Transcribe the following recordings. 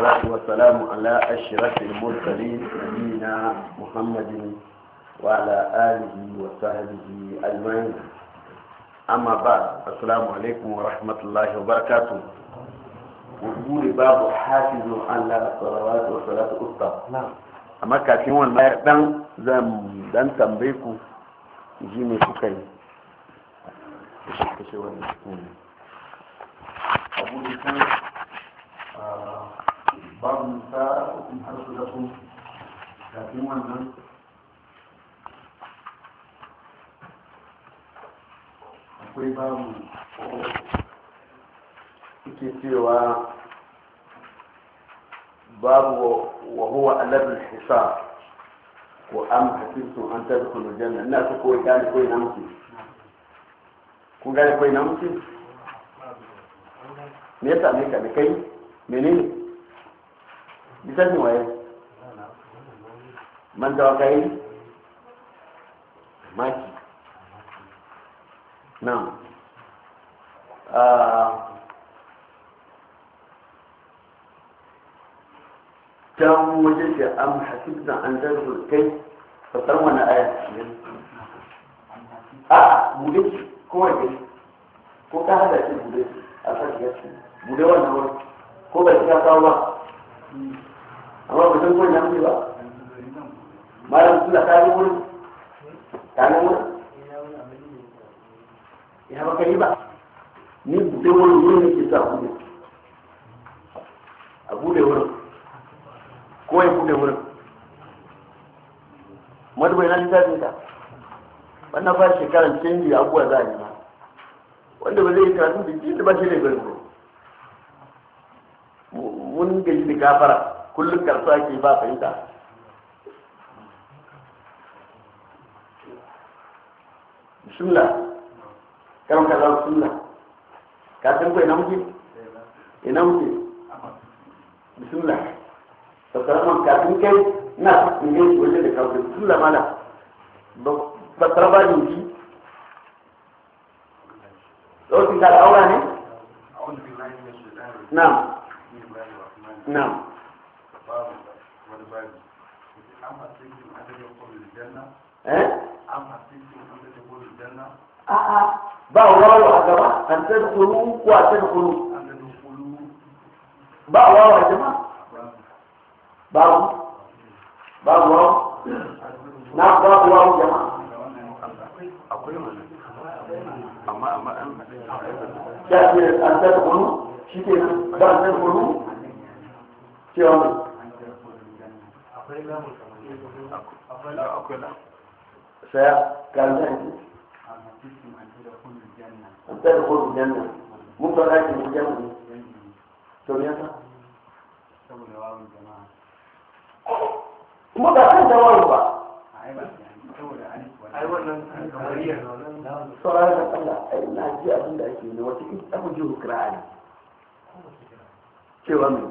والصلاة والسلام على أشرف المرسلين نبينا محمد وعلى آله وصحبه أجمعين أما بعد السلام عليكم ورحمة الله وبركاته وقول باب حافظ على الصلوات والصلاة الوسطى نعم أما كافي ولا زم دان تنبيكو يجيني كوكاي أبو babu nisa in har su zafi kafin wannan akwai babu suke cewa babu wa huwa alabin hisab ko an hasibtum an tadkhulul janna ina so ko gane ko ina mutu, ko gane ko ina mutu? me yasa me ka kai menene littafin waye man tawakai maki na ah. can wajen da an hasibta an zarfin kai fasar wani aya a ah, bude kowai kai ko ka hada shi bude a kan yasi bude wannan wani ko ba shi ka kawo ba amma ba san kuma namu ba malam suna kayan gurin kayan wuri ya baka yi ba ni buɗe wuri wuri ne ke sa bude a bude wuri ko ya bude wuri madubai na littafin ka wannan fara shekarar canji abuwa za a yi ma, wanda ba zai yi karatu da jini ba shi ne gari mun gaji da gafara kullum karsa ake ba fahimta suna karon ka zama sunna ka san ko ina muke ina muke suna fasara man ka tun kai na in yi wajen da kawo bismillah mala fasara ba ne ji lokacin ka da aura ne na na Ah, ah. báwo lọ́wọ́ àgbàmá àtẹnukuru kú àtẹnukuru báwo lọ́wọ́ àjẹmá báwo báwo lọ́wọ́ náà báwo lọ́wọ́ àjẹmá. Ṣé àti àtẹnukuru ṣí kí ẹ bá àtẹnukuru ṣé ọ̀nà. فقال له أن تدخل الجنة ممكن أن تدخل الجنة سوريا متأخر دوام بقى صراحة الله أنا جاء من الأشياء وتكيد أوجه كرعان شو أمين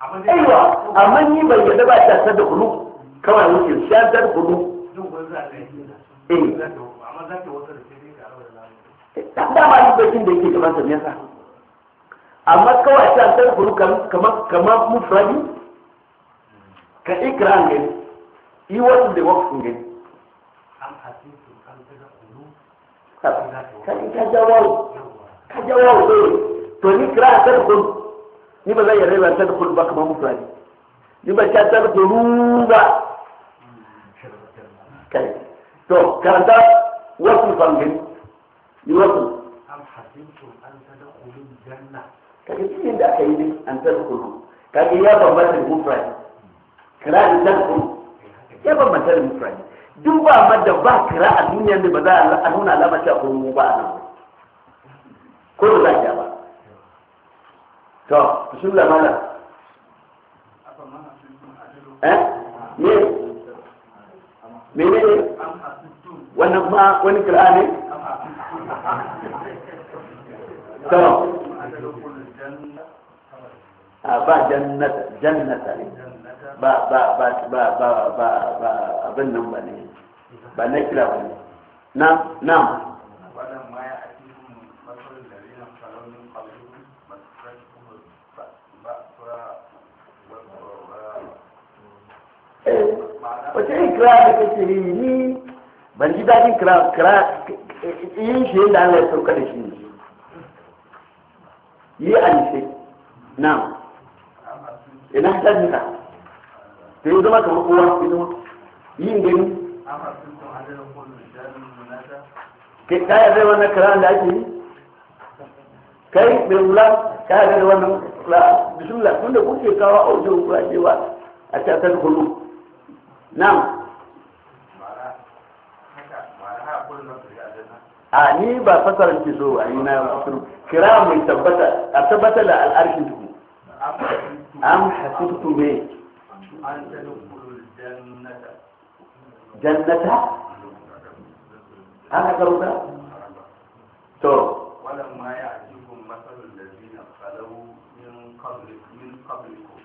aiwa amma ni ban yadda ba ta sadda kulu kawai wuce shadar kulu eh. eh, ni bakin da yake gaban sa amma kawai ta sadda kamar kamar mufradi ne yi wasu da wasu ne ka jawo ka jawo eh. to ni kira sadda ni ba zai yarda ba ta dukul ba kamar mutane ni ba ta ta dukul ba kai to karanta wasu fangin ni wasu am an cikin da aka yi ne an tadkhulu ya bambanta da mutane kira da tadkhulu ya bambanta da mutane duk ba ba kira a duniya ne ba za a nuna alamar ko mu ba a nan ko da za ba to bismillah mala eh ne menene wannan ma wani kira ne to a ba jannata jannata ne ba ba ba ba ba ba abin nan ba ne ba na kira ba ne na na wace yin kira da kake yi ni ban ji daɗin kira kira yin shi yadda Allah ya shi ne yi a nishe na ina ta jika ta yi zama kamar kowa ya zama yin gani ke kaya zai wannan kira da ake kai mai wula kaya zai wannan bismillah kuke kawo wajen kura cewa a ta ta na'am a ni ba fasarar ki zo a yi na kira mai tabbata a tabbata da al'arshin tuku am hasibtu me jannata ana karuta to wannan ma ya ajibun masalul ladina qalu min qablikum min qablikum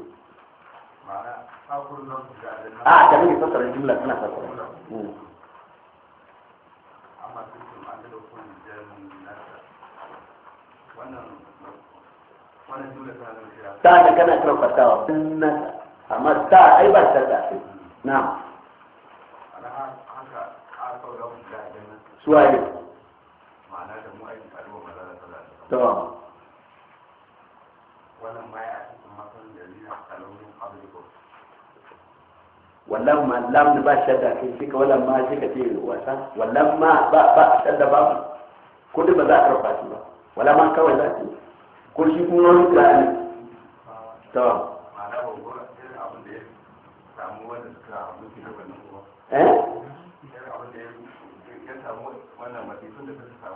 اه ده مين فسر الجمله انا فسرها ta da kana kiran fatawa sunnata amma ta ai ba ta da shi na'am suwaye ma'ana da mu aiki alwa mazala sallallahu alaihi wasallam to wannan ma ya wallan ma lam da ba shadda kai shi ka wallan ma shi ka ce wasa wallan ma ba ba shadda ba ko da ba za a karfa shi ba wallan ma kawai za ta ko shi kuma wani ka ne to eh?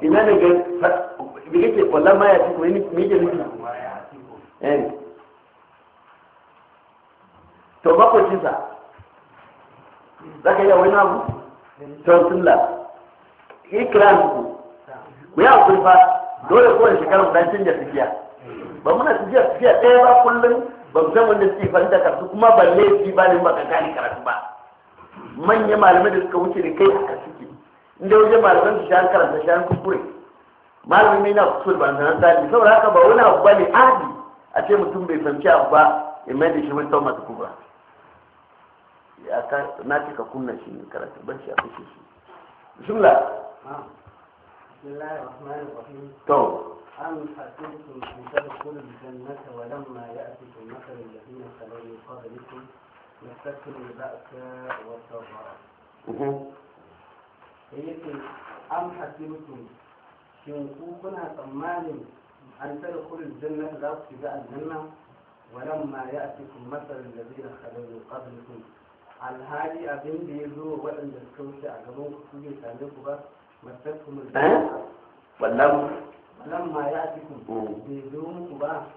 ina ne ga bi kake wallan ma ya ci ko ni me ke nufi eh to ba ko ci sa za ka iya wani abu don sunna ikram ku mu ya hakuri fa dole kowa da mu dan canja tafiya ba muna tafiya tafiya ɗaya ba kullum ba mu san wanda suke fahimta karatu kuma ba laifi ba ne ba ka gane karatu ba manya malamai da suka wuce da kai haka suke inda wajen malaman su shan karanta shan kukure malamai mai na kusur ba na tsari saboda haka ba wani abu ba ne adi a ce mutum bai fahimci abu ba ya mai da shi wani taumata kubra na ce ka kunna shi ne karatu ban shi a kashe shi bismillah to أم حسبتم أن تدخلوا الجنة ولما يأتكم مثل الذين خلوا من قبلكم مستكم البأس والضراء. yake an hasibtum shin ku kuna tsammanin an tare kurin janna za ku shiga aljanna walamma ya'tikum masalan ladina khalu min qablikum alhali abin da ya zo waɗanda suka wuce a gaban ku zai same ku ba masakum eh? wallam wallam ma ya ci ku mm. bai zo muku ba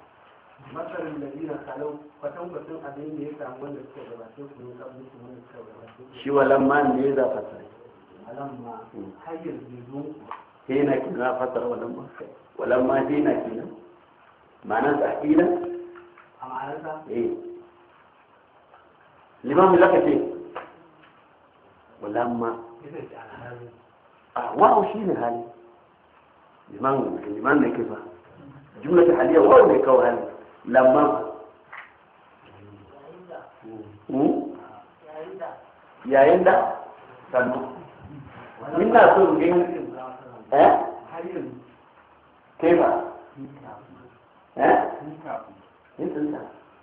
masarin da zina kalau kwatan kwatan abin da ya samu wanda suka gabata ku ne kan su wanda suka gabata. shi wallam ma ne ya zafa sai wallam ma mm. hayyar bai zo muku hina kin na sai wallam ma wallam ma hina na ma'anar a hina a ma'anar sa الإمام لك فيه ولما واو شيء هل الإمام لك الإمام كيف جملة حالية واو لك هل لما يا عند يا من نصر جن ها كيف ها انت انت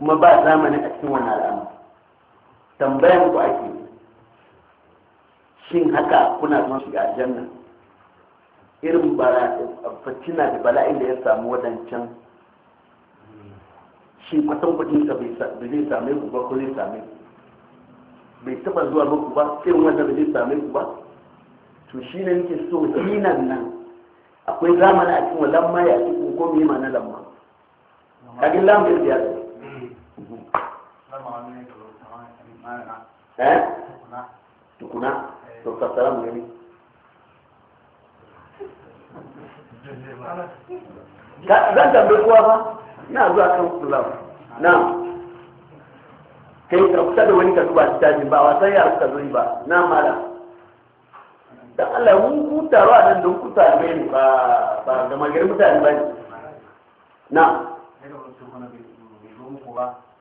kuma ba zamani a cikin wani al'amari tambayan ku ake shin haka kuna son shiga aljanna irin fitina da bala'in da ya samu wadancan shi kwatan kudin ka bai zai same ku ba ko zai same ku bai taba zuwa muku ba irin wanda bai zai same ku ba to shi ne nake so dinan nan akwai zamani a cikin lamma ya ci ko me ma na lamma kagin lamma ya ziyarta eh tukuna eh. dokta salamu nini zan tambayi kowa ba na zuwa kan kulam na kai ka kusa da wani ka duba tajin ba wasan yara suka zo ba na mala dan Allah mun ku taro nan don ku ne ba ba da magarin mutane ba ne na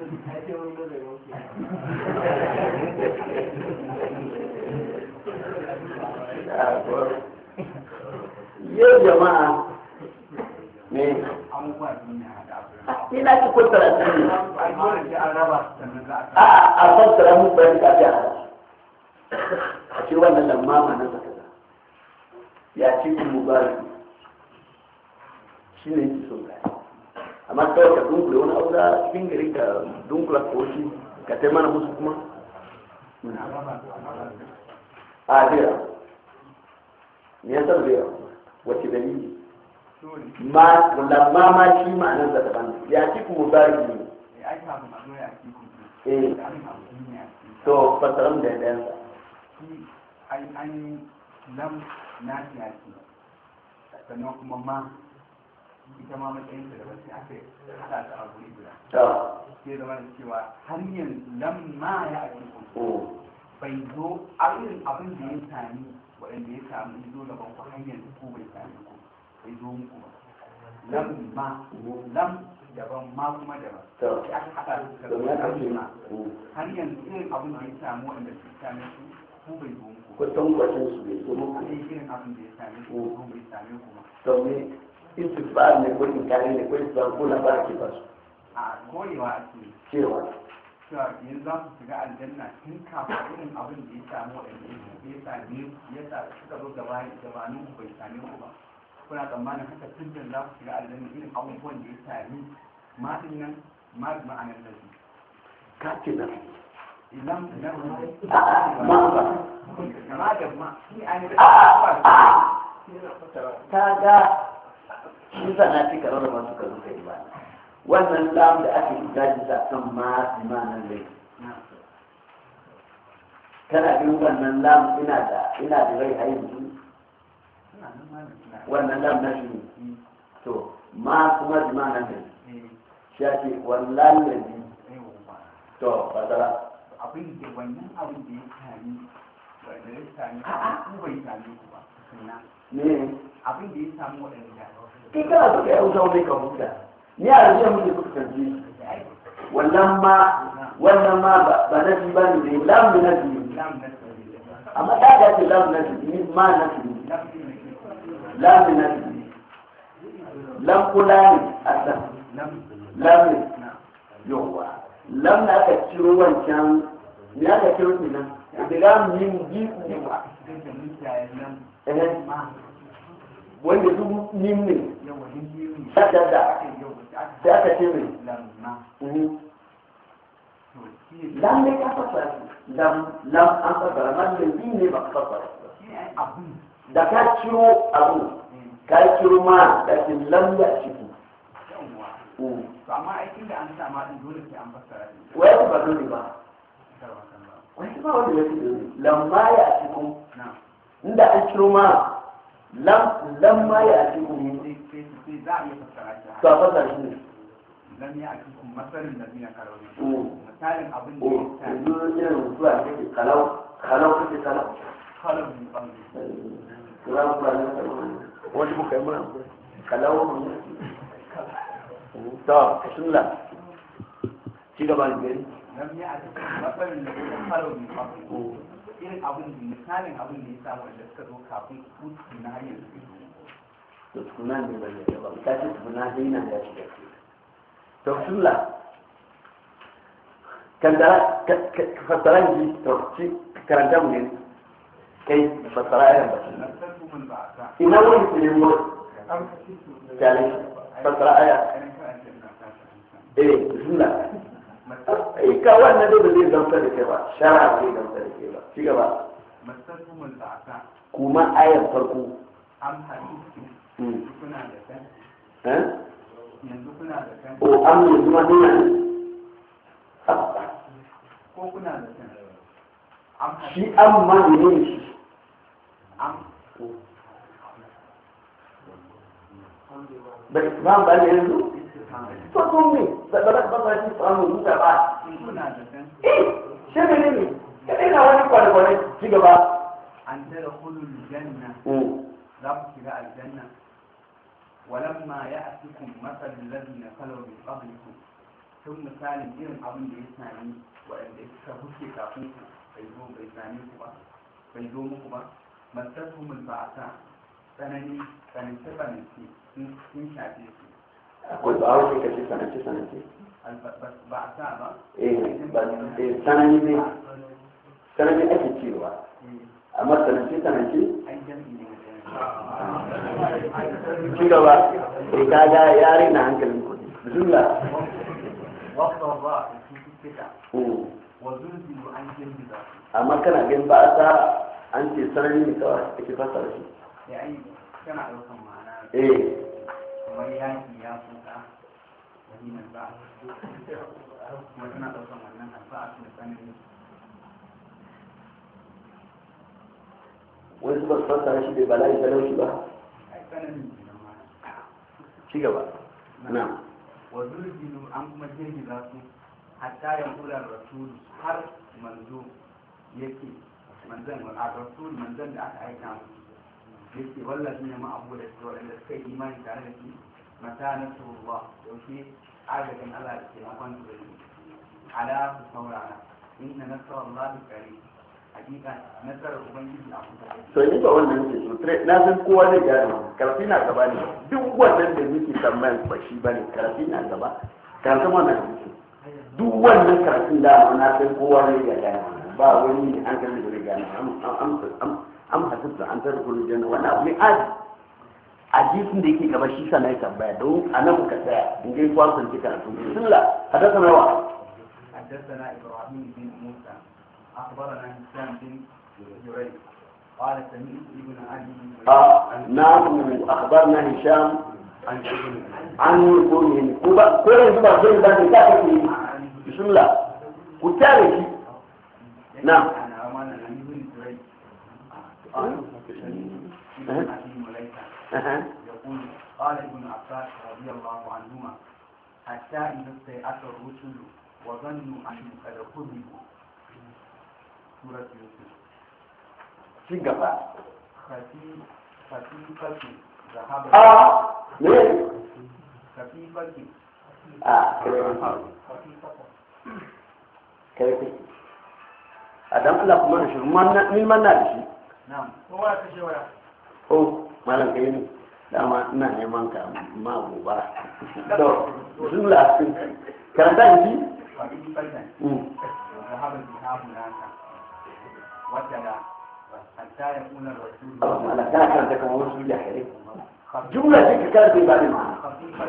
yau jama'a ne ni na ki kwantara ne a kwantara mu bayan kafi a a ce wannan lamma na sakaza ya ce kuma shi ne ki so gaya amma kawai ka dunkule wani abu da cikin gari ka dunkula ko shi ka tai mana musu kuma a jira me yasa da yawa wace dalili ma lamma ma shi ma nan da daban ya ci kuma ba bari ne eh to fasaran da ya sa an lam na siyasi sannan kuma ma ita ma matsayin ta daban sai aka hada ta a guri guda sai zama da cewa har yanzu ma ya ake kuma oh. bai zo irin abin da ya sami waɗanda ya samu ya zo gaban ku har yanzu ko bai sami ku bai zo muku ba lam ma lam daban ma kuma daban sai aka hada su daga wani oh. har yanzu irin abin da ya samu waɗanda su sami su ku bai zo muku ba. Kwatan kwatan su bai zo muku. Irin abin da ya sami ku ko bai sami ku ba. istighfar ne ko inkari ne ko islam ko labarki ba su a koyewa ake cewa cewa yanzu za su shiga aljanna tun kafin irin abin da ya samu waɗanda ya sami ya sa suka zo gaba gabanin ku bai same ku ba kuna tsammanin haka tun da za ku shiga aljanna irin abubuwan da ya sami ma'adin nan ma'adin ma'anar da ka ce da idan ah, da ma da ah, ah, ta ga shi za na fi ka rarraba su ka ka yi ba wannan lam da ake gaji sa kan ma imanin rai kana bin wannan lam ina da ina da rai a yanzu wannan lam na shi to ma kuma imanin rai shi ake ce wallahi yanzu to fasara abin da wannan abin da ya sami wanda ya sami ku bai sami ku ba ne abin da ya sami waɗanda kai kana so ka yi hausa wani ka huta ni a yanzu muke kuka kanci wannan ma wannan ma ba na fi ba ne da lamu na fi amma ta ga ce lamu na fi ni ma na fi lamu na fi lam kula ne a san lam ne yawwa lam na aka ciro wancan ne aka ciro ne nan da lamu yin ji ne ba wanda su nim ne ta da da da aka ce mai lam ne ka fasara lam lam an fasara man ne ne ba ka fasara da ka ciro abu ka ciro ma da ke lam da ciki amma aikin da an sama din dole sai an wai ba dole ba wai ba wanda ya fi dole lam ma ya cikin inda an ciro ma lam ma ya ake kuma za a iya fassara shi a fassara shi ne lam ya ake kuma masarin da miya karawi mm. misalin abin da mm. ya ta yanzu irin zuwa ne ke kalau kalau kake kalau kalau ne ba ne kula kula ne wani muka yi mana kalau ne ta bismillah ci gaba ne gari lam ya ake kuma masarin da miya karawi irin abin da misalin abin da ya samu da suka zo kafin su tukuna hanyar su to tukuna ne ba ne ba ta ce tukuna ne na ya shiga ke to sulla kandara ka fassara ji to ci karanta mu ne kai fassara ya ba ina wani ne mu fassara aya eh bismillah ai ka wannan dai ba zai gamsa da ke ba shara zai gamsa da ke ba ci gaba kuma ayar farko hmm. yanzu kuna da kan eh? o oh, an yanzu ma ne ko kuna da kan shi an ma ne shi ba ba yanzu to sun ne da ba za ka ba shi samu huta ba eh shi ne ne kadai na wani kwanakwanai ci gaba an tara hulun janna za ku shiga aljanna ولما يأتكم مثل الذين خلوا من قبلكم sun misalin irin abin da ya sami waɗanda suka huce kafin ku bai zo bai sami ku ba bai zo muku ba masarfu mun ba a sa tsanani tsanance tsanance sun shafe su كنت أعرف كثير سنة سنة بس بعد إيه، إيه، سنة إيه بس سنة دي سنة دي أكيد كيلو أما سنة كثير سنة كثير كيلو بقى إيكاجا يا رينا عن كلمة بسم الله وقت الرأي في الكتاب وزلزل عن جنب ذاته أما كان جنب أسا أنت سنة دي متوسط إيه، كيف فصل يعني كان على إيه wani yaki ya fuka wani nan ba kuma tana ɗaukan wannan da ba fasa shi bai bala'i talauci ba ci gaba na wa zurginu an kuma su hatta ya kula rasulu har manzo yake manzan a rasul manzan da aka aika yake wallafi ne ma'abu da su waɗanda suka imani tare da shi mata na turuwa yaushe agajin Allah da taimakon su gari ala su saurara inna nasarar Allah da kare hakika nasarar ubangiji a kusa to ni ba wannan nake so tre na san kowa zai gane karfi na gaba ne duk wannan da nake tambayan ba shi bane karfi na gaba karfi wannan nake duk wannan karfin da na san kowa zai gane ba wani ne an kan da zai gane an am am am an tarkul janna wannan abu ne adi hadisin da yake gaba shi sa na tambaya don a nan muka tsaya in dai kwan sun cika sun bismillah Na wa hadathana ibrahim bin musa akhbarana hisam bin jurayj قال سمعت ابن ابي نعم اخبرنا هشام عن ابن كوبا كل ما زين ده Na. يقول قال ابن عباس رضي الله عنهما حتى إذا استيأس الرسل وظنوا أنهم قد كذبوا سورة يوسف شقفة خفيفة ذهب آه ليه؟ خفيفة آه خفيفة كيف أدم الله كمان شو من من من نادي نعم هو كشوية هو malam kai ne dama ina neman ka ma gobe to zula karanta ji mm. kana karanta kamar jumla ce ka karanta ba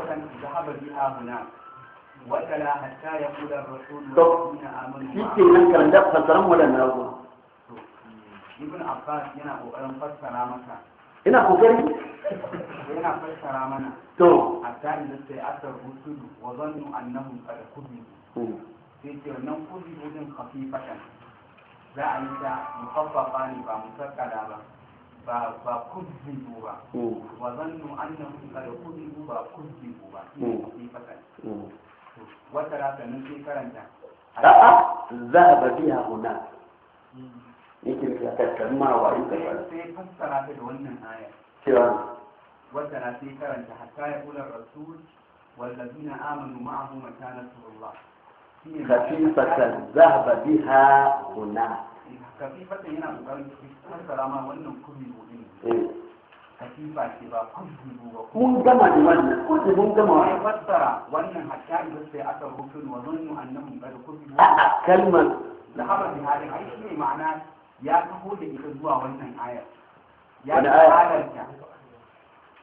da ma'ana وكلا حتى يقول الرسول والذين امنوا معه. في كلمه كان ده فسرهم ولا نروى. ابن عباس ينا وقال فسر مكه ina kokari yana fassara mana to a tare da sai asar rusulu wa zannu annahum qad kubi hmm. sai ce wannan kubi din khafifatan za a yi ta mukaffafa ne ba musakkada ba ba ba kubi ba hmm. wa zannu annahum qad kubi ba kubi ba hmm. khafifatan wata rata nan sai karanta a'a za a biya hunan yake tattaunawa yake ba sai fassara ta da wannan aya cewa wata na sai karanta hatta ya kula rasul والذين آمنوا معه متى نصر الله خفيفة ذهب بها هنا خفيفة هنا السلام عليكم خفيفة كذا من جمع جمعنا كل من جمع فسر وأن حتى بس أثر رسل وظنوا أنهم قد كذبوا كلمة ذهب بها أي شيء معناه ya taho da ita zuwa wannan ayar ya ya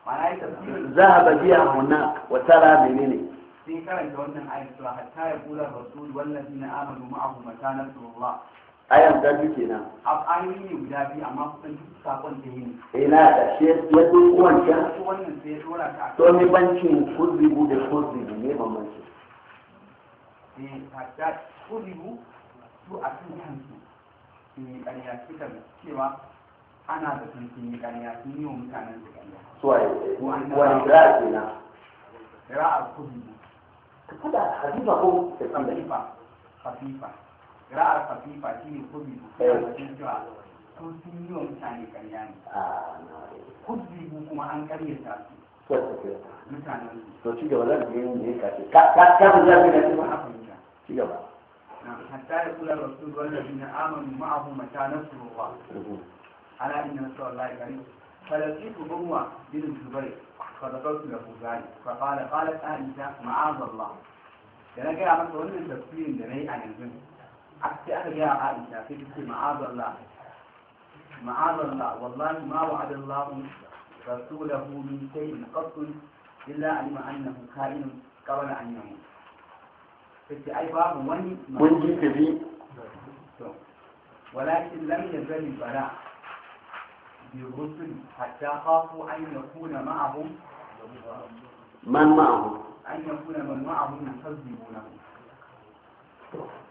Za ta ذهب بها Wata وترى ne. sai karanta wannan ayar cewa hatta ya kula wannan wallazina amanu ma'ahu makanan Allah ayan da duke nan a ayoyi ne guda biyu amma kusan duk sakon da yi ina da shi ya duk wancan wannan sai ya dora ka to ne bancin kuzibu da kuzibu ne bambanci eh hatta kuzibu su a kan kansu sun ƙarya suka cewa ana da sun sun ƙarya sun yi wa mutanen ƙarya. Suwaye, wani ra'a ke na? Ra'a kudu. Ka Hadifa ko ta san da Hadifa. Hafifa. Ra'ar Hafifa shi ne eh. Sun cewa sun sun yi wa mutane ƙarya ne. Ah, kudu kuma an ƙaryata su. Mutanen To ci gaba zan je yin da ya kace. Ka ka ka zan je da نعم. حتى يقول الرسول والذين آمنوا معه متى نصر الله على أن نصر الله كريم فلقيت هو بن الزبير فذكرت له ذلك فقال قالت أنت معاذ الله لأنك يا رسول الله تقول أن عن الجن حتى يا عائشة في معاذ الله معاذ الله والله ما وعد الله رسوله من شيء قط إلا علم أنه كائن قبل أن يموت Kun ji ka bi walakin lam yazali bara bi rusul hatta khafu an yakuna ma'ahum man ma'ahum an yakuna man ma'ahum yukazzibuna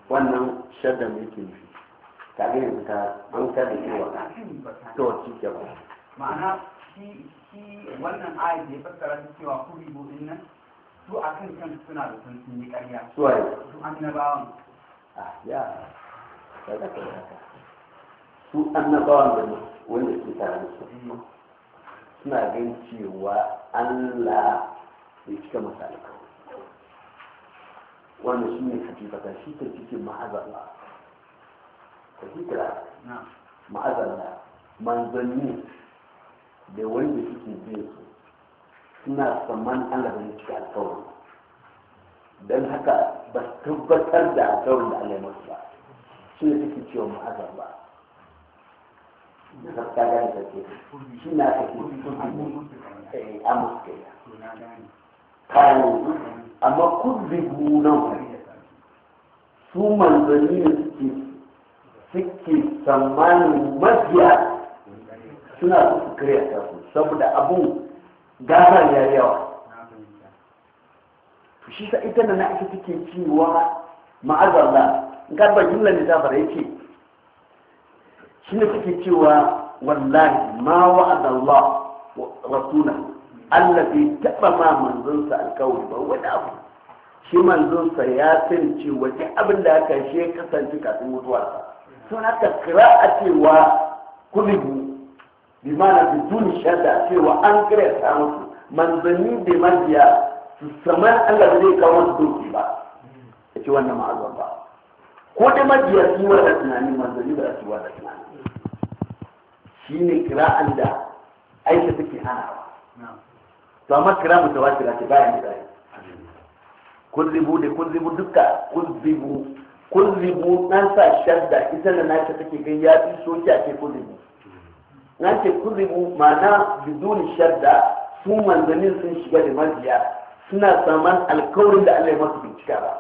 wannan shaddan yake nufi kaga yanzu ka an kada cewa to ci ba. ma'ana shi wannan ayat da ya fassara cewa bo din nan su a kan kan suna da sun sun yi ƙarya su waye su annabawan ah ya kada ka su annabawan da wanda ke tare da su suna gan cewa Allah bai cika masa alƙawari wanda shi ne hakikata shi ta cikin ma'azalla ta hikira ma'azalla manzanni da wanda suke biyan su suna saman Allah da cika alƙawarin don haka ba su tabbatar da alƙawarin da Allah ya masu ba su ne suke cewa ma'azar ba da ta gane da ke shi na ta ke a muskaya kayan amma kudubu nan su manzanni ne suke suke tsammanin mafiya suna su kare ta su saboda abu. gabar ya yi yawa to shi sa ita na ake take cewa ma'azalla ba jimla ne zafar ya ce shi ne suke cewa wallahi ma wa'adallah rasuna Allah bai taɓa ma manzonsa alkawari ba wani abu shi manzonsa ya san cewa duk abin da aka shi kasance kafin mutuwarsa sun aka kira a cewa kulibu bi mana bidun shadda cewa an kare ta musu manzanni da mabiya su saman Allah zai kawo musu doki ba ya ce wannan ma'azan ba ko da mabiya su yi wata tunani manzanni ba su yi wata tunani shi ne kira'an da aisha take hanawa to amma kira mutawatira ce bayan da zai kullibu da kullibu duka kullibu kullibu nan sa shadda ita da nace take gayya so ki ake kullibu na ce kuzibu ma'ana biduni shadda su manzannin sun shiga da mabiya suna saman alkawarin da Allah ya masu bincika ba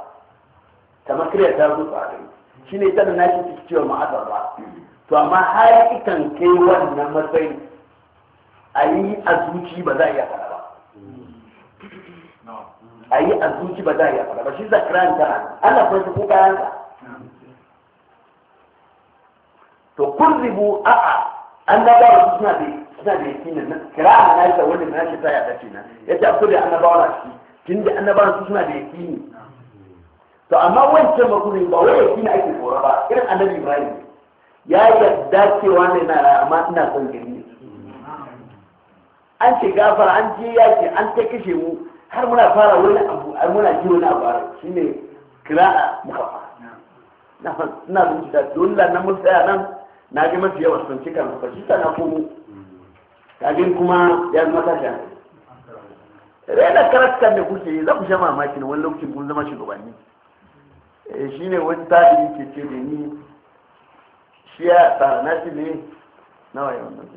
kamar kiriya ta zo tsarin shi ne ta da nashi ciki cewa ma'azar ba to amma har ikan kai wannan matsayi a yi a zuci ba za a iya fara ba a yi a zuci ba za a iya fara ba shi kira ta Allah kuma su kuka yanka to kurzibu a'a annabawa suna da suna da yakinin nan kira na yasa wani na shi ya dace na yace akwai da annabawa na shi tunda annabawa suna da yakini to amma wancan makuri ba wai yakini ake kora ba irin annabi Ibrahim ya yarda cewa ne na amma ina son gani an ce gafara an je yaki an ta kashe mu har muna fara wani abu har muna ji wani abu shine kira'a mukafa na suna na zuciya dole na mun tsaya nan na ji mafi yawa sun cika ba shi sana komo kajin kuma ya zama tashi rena karakta ne kuke yi za ku sha mamaki na wani lokacin kun zama shugabanni eh, shi ne wani tabi ke ce da ni shi ya tsara na shi ne nawa yawan nan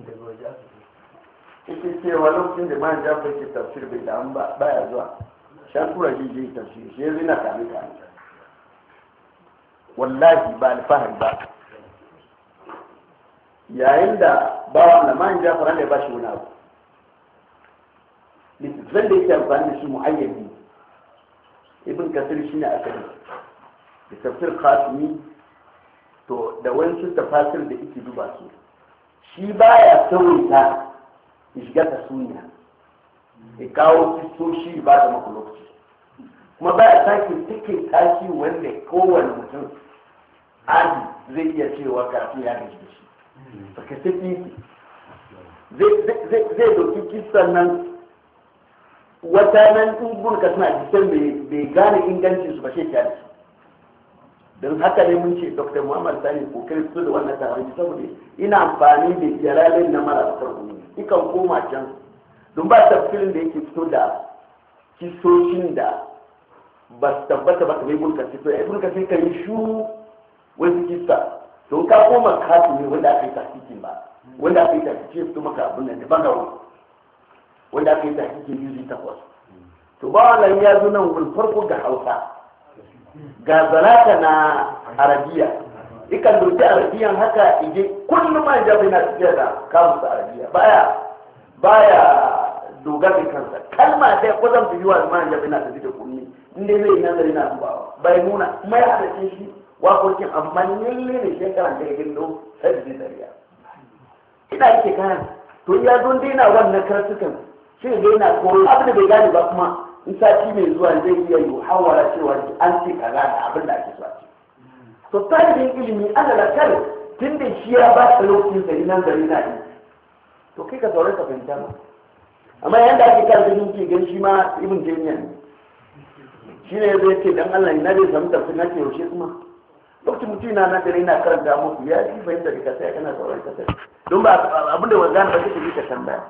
ce cewa lokacin da man jafa ke tafsir bai da an baya zuwa shan tura shi je tafsir shi ya zina kame kame wallahi ba alfahari ba yayin da bawa Allah man fara Allah ba shi wani abu littattafan da yake amfani da shi mu'ayyadi ibn kasir ne a da tafsir kasumi, to da wani su tafasir da yake duba su shi ba ya baya ya shiga ta suniya ya kawo shi ba da makulokci lokaci kuma ya sake take tashi wanda kowane mutum adi zai iya cewa kafin ya gaji da shi baka saki zai dauki kistan nan wata nan ɗungun ka suna jikin bai gane ingancin su ba shi kyari don haka ne mun ce dr muhammad sani kokarin su da wannan taron saboda ina amfani da jalalin na mara farko ikan koma can don ba tafsirin da yake fito da kisoshin da ba su tabbata ba kamar ibn kasir to ibn kasir kan yi shuru wasu kista to ka koma kasu ne wanda aka yi tahkikin ba wanda aka yi tahkikin fito maka abin nan daban da wanda aka yi tahkikin yuzi takwas to ba wannan ya zo nan wani farko ga hausa ga zalata na arabiya ikan dauki arabiyan haka ije kullum ma jabi na tafiya da kamusa arabiya baya baya da kansa kalma dai ko zan fi yiwa ma jabi na tafiya da kunni inda zai nazari na dubawa bai nuna mai hada shi waƙoƙin amma lalle ne sai karanta ya dindo sai da dariya ina yake kayan to ya zo daina wannan karatukan sai dai na ko abin da bai gane ba kuma in sati mai zuwa zai iya yi hawara cewa an ce kaza da abin da ake so a ce to talibin ilimi ana da kare tun da shi ya ba ka lokacin da nan gari na yi to kai ka saurin ka fahimta ma amma yadda ake kan da ke gan shi ma ibin jami'a ne shi ne zai ce dan Allah ina zai samu tafsir na ke yaushe kuma lokacin mutum na nan gari na karanta muku ya yi bayan da kasa ya kana sauran kasa don ba abin da wanzan ba kake yi ka tambaya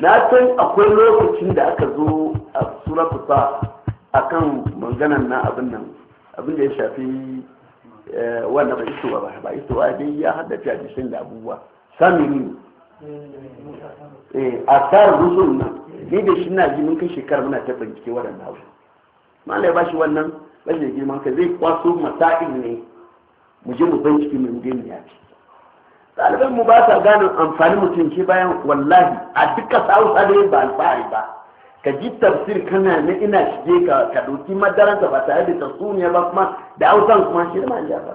na san akwai lokacin da aka zo a sura a kan manganan na abin nan abin da ya shafi eh, wannan ba isowa ba ba isowa dai ya haddace a jishin da abubuwa ne eh, a tsara rusun nan ni da shi na ji mun kai shekara muna ta bincike waɗannan abu malai ba shi wannan rashin girman ka zai kwaso masa'in ne mu je mu mai mu gani ya ce ɗaliban mu ba sa gane amfani mutum shi bayan wallahi a duka sa'usa da ba alfahari ba ka ji tafsir kana na ina shige ka ka doki madaransa ba tare da tasuniya ba kuma da hausan kuma shi da manja ba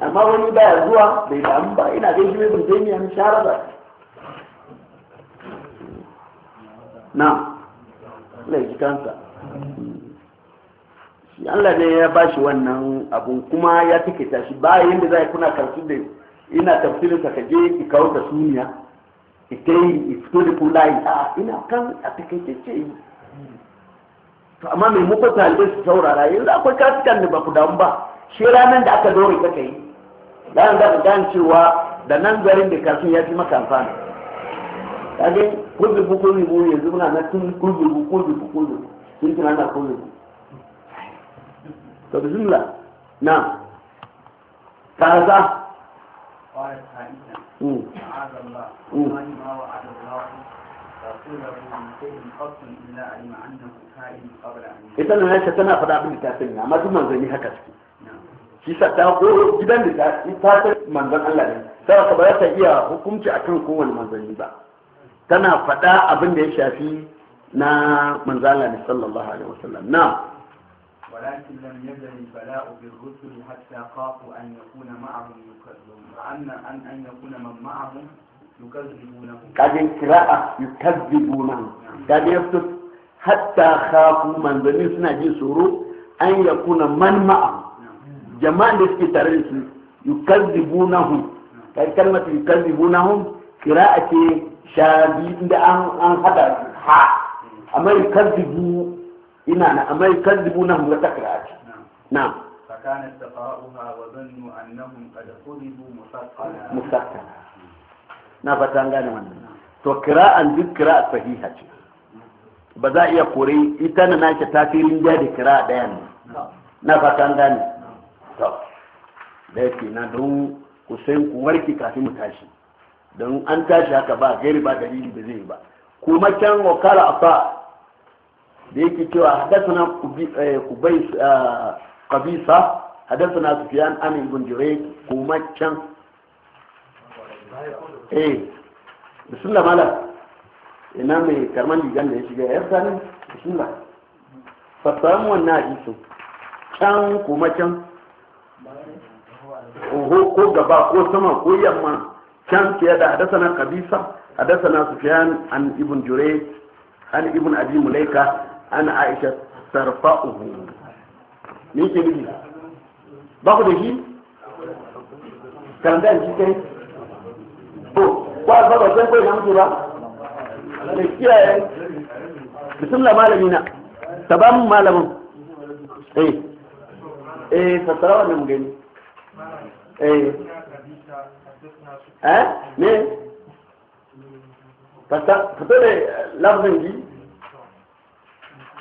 amma wani baya zuwa bai damu ba ina gaishe mai burjaniya na shara ba na lai ji kansa shi Allah ne ya bashi wannan abun kuma ya ta shi ba yanda zai kuna karatu da ina tafsirin ka kaje ki kawo suniya ki kai fito da kullayi a ina kan a takaice ce to amma mai muku talibai su saurara yanzu akwai kasukan da ba ku damu ba shi ranar da aka dore ka kai ranar da ka gane cewa da nan garin da kasu ya fi maka amfani kage kuzubu kuzubu yanzu muna na tun kuzubu kuzubu kuzubu tunanin a kuzubu to bismillah na kaza hmm. hmm. ita na aisha tana faɗa abin da ta sanya, amma duk manzanni haka suke shi sa ta ko gidan da ta ta manzan Allah ne sai ka ba ta iya hukunci kan kowane manzanni ba tana faɗa abin da ya shafi na manzala ne sallallahu alaihi wasallam na ولكن لم يزل البلاء بالرسل حتى خافوا أن يكون معهم يكذبون أن أن يكون من معهم يكذبونه قد قراءة يكذبونه نعم. قد يكتب حتى خافوا من بنسنا جي سورو أن يكون من معهم نعم. جماعة الكتاريس يكذبونهم نعم. كلمة يكذبونهم قراءة شاذي عند أن أن هذا ها أما يكذبوا ina na amma yukadzibuna hum latakrati na'am tafa'uha wa dhannu annahum qad قلبوا مثقلا مثقلا na fata gane wannan to qira'an dhikra sahiha ce ba za iya kore ita na nake tafirin ja da kira'a daya ne na fata gane to da yake na don ku sai ku warke kafin mu tashi don an tashi haka ba gairi ba dalili ba zai ba kuma can wakala a da yake cewa hadathana eh, ubay eh, qabisa hadathana sufyan an ibn jurayj kuma can eh bisun mala ina mai karman ligan da ya shiga ya sani bismillah fasamu wannan na can kuma can oho ko gaba ko sama ko yamma can fiye da hadasana kabisa hadasana sufiyan an ibn jure an ibn abi mulaika ana aisha sarfa'uhu me yake nufi ba ku da shi tambayar shi kai to ba ba ba san kai na mutu ba da kiyaye bismillah malami na tabamun malamin eh eh fassara wannan mu gani eh eh ne fata fito da lafzin ji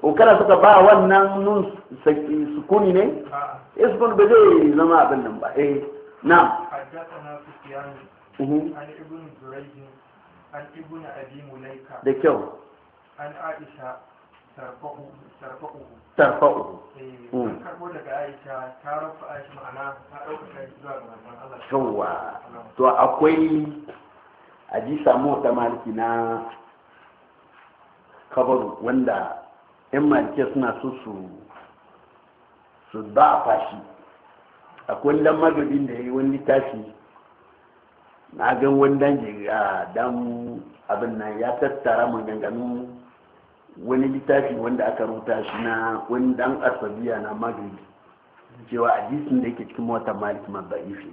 ko kana suka ba wannan nun sukuni ne eh sukuni ba zai zama abin nan ba eh na mhm. da kyau an aisha tarfa'uhu eh, mm. karbo daga aisha ta rafa aisha ma'ana ta ɗaukaka zuwa ga manzon Allah to akwai a ji samu ta maliki na kabaru wanda yan malike suna so su su ba a fashi A dan magabin da ya yi wani tashi na gan wani danji a dan abin nan ya tattara maganganun wani littafi wanda aka rubuta shi na wani dan asabiya na magribi cewa jisun da yake cikin mota malik mabari fi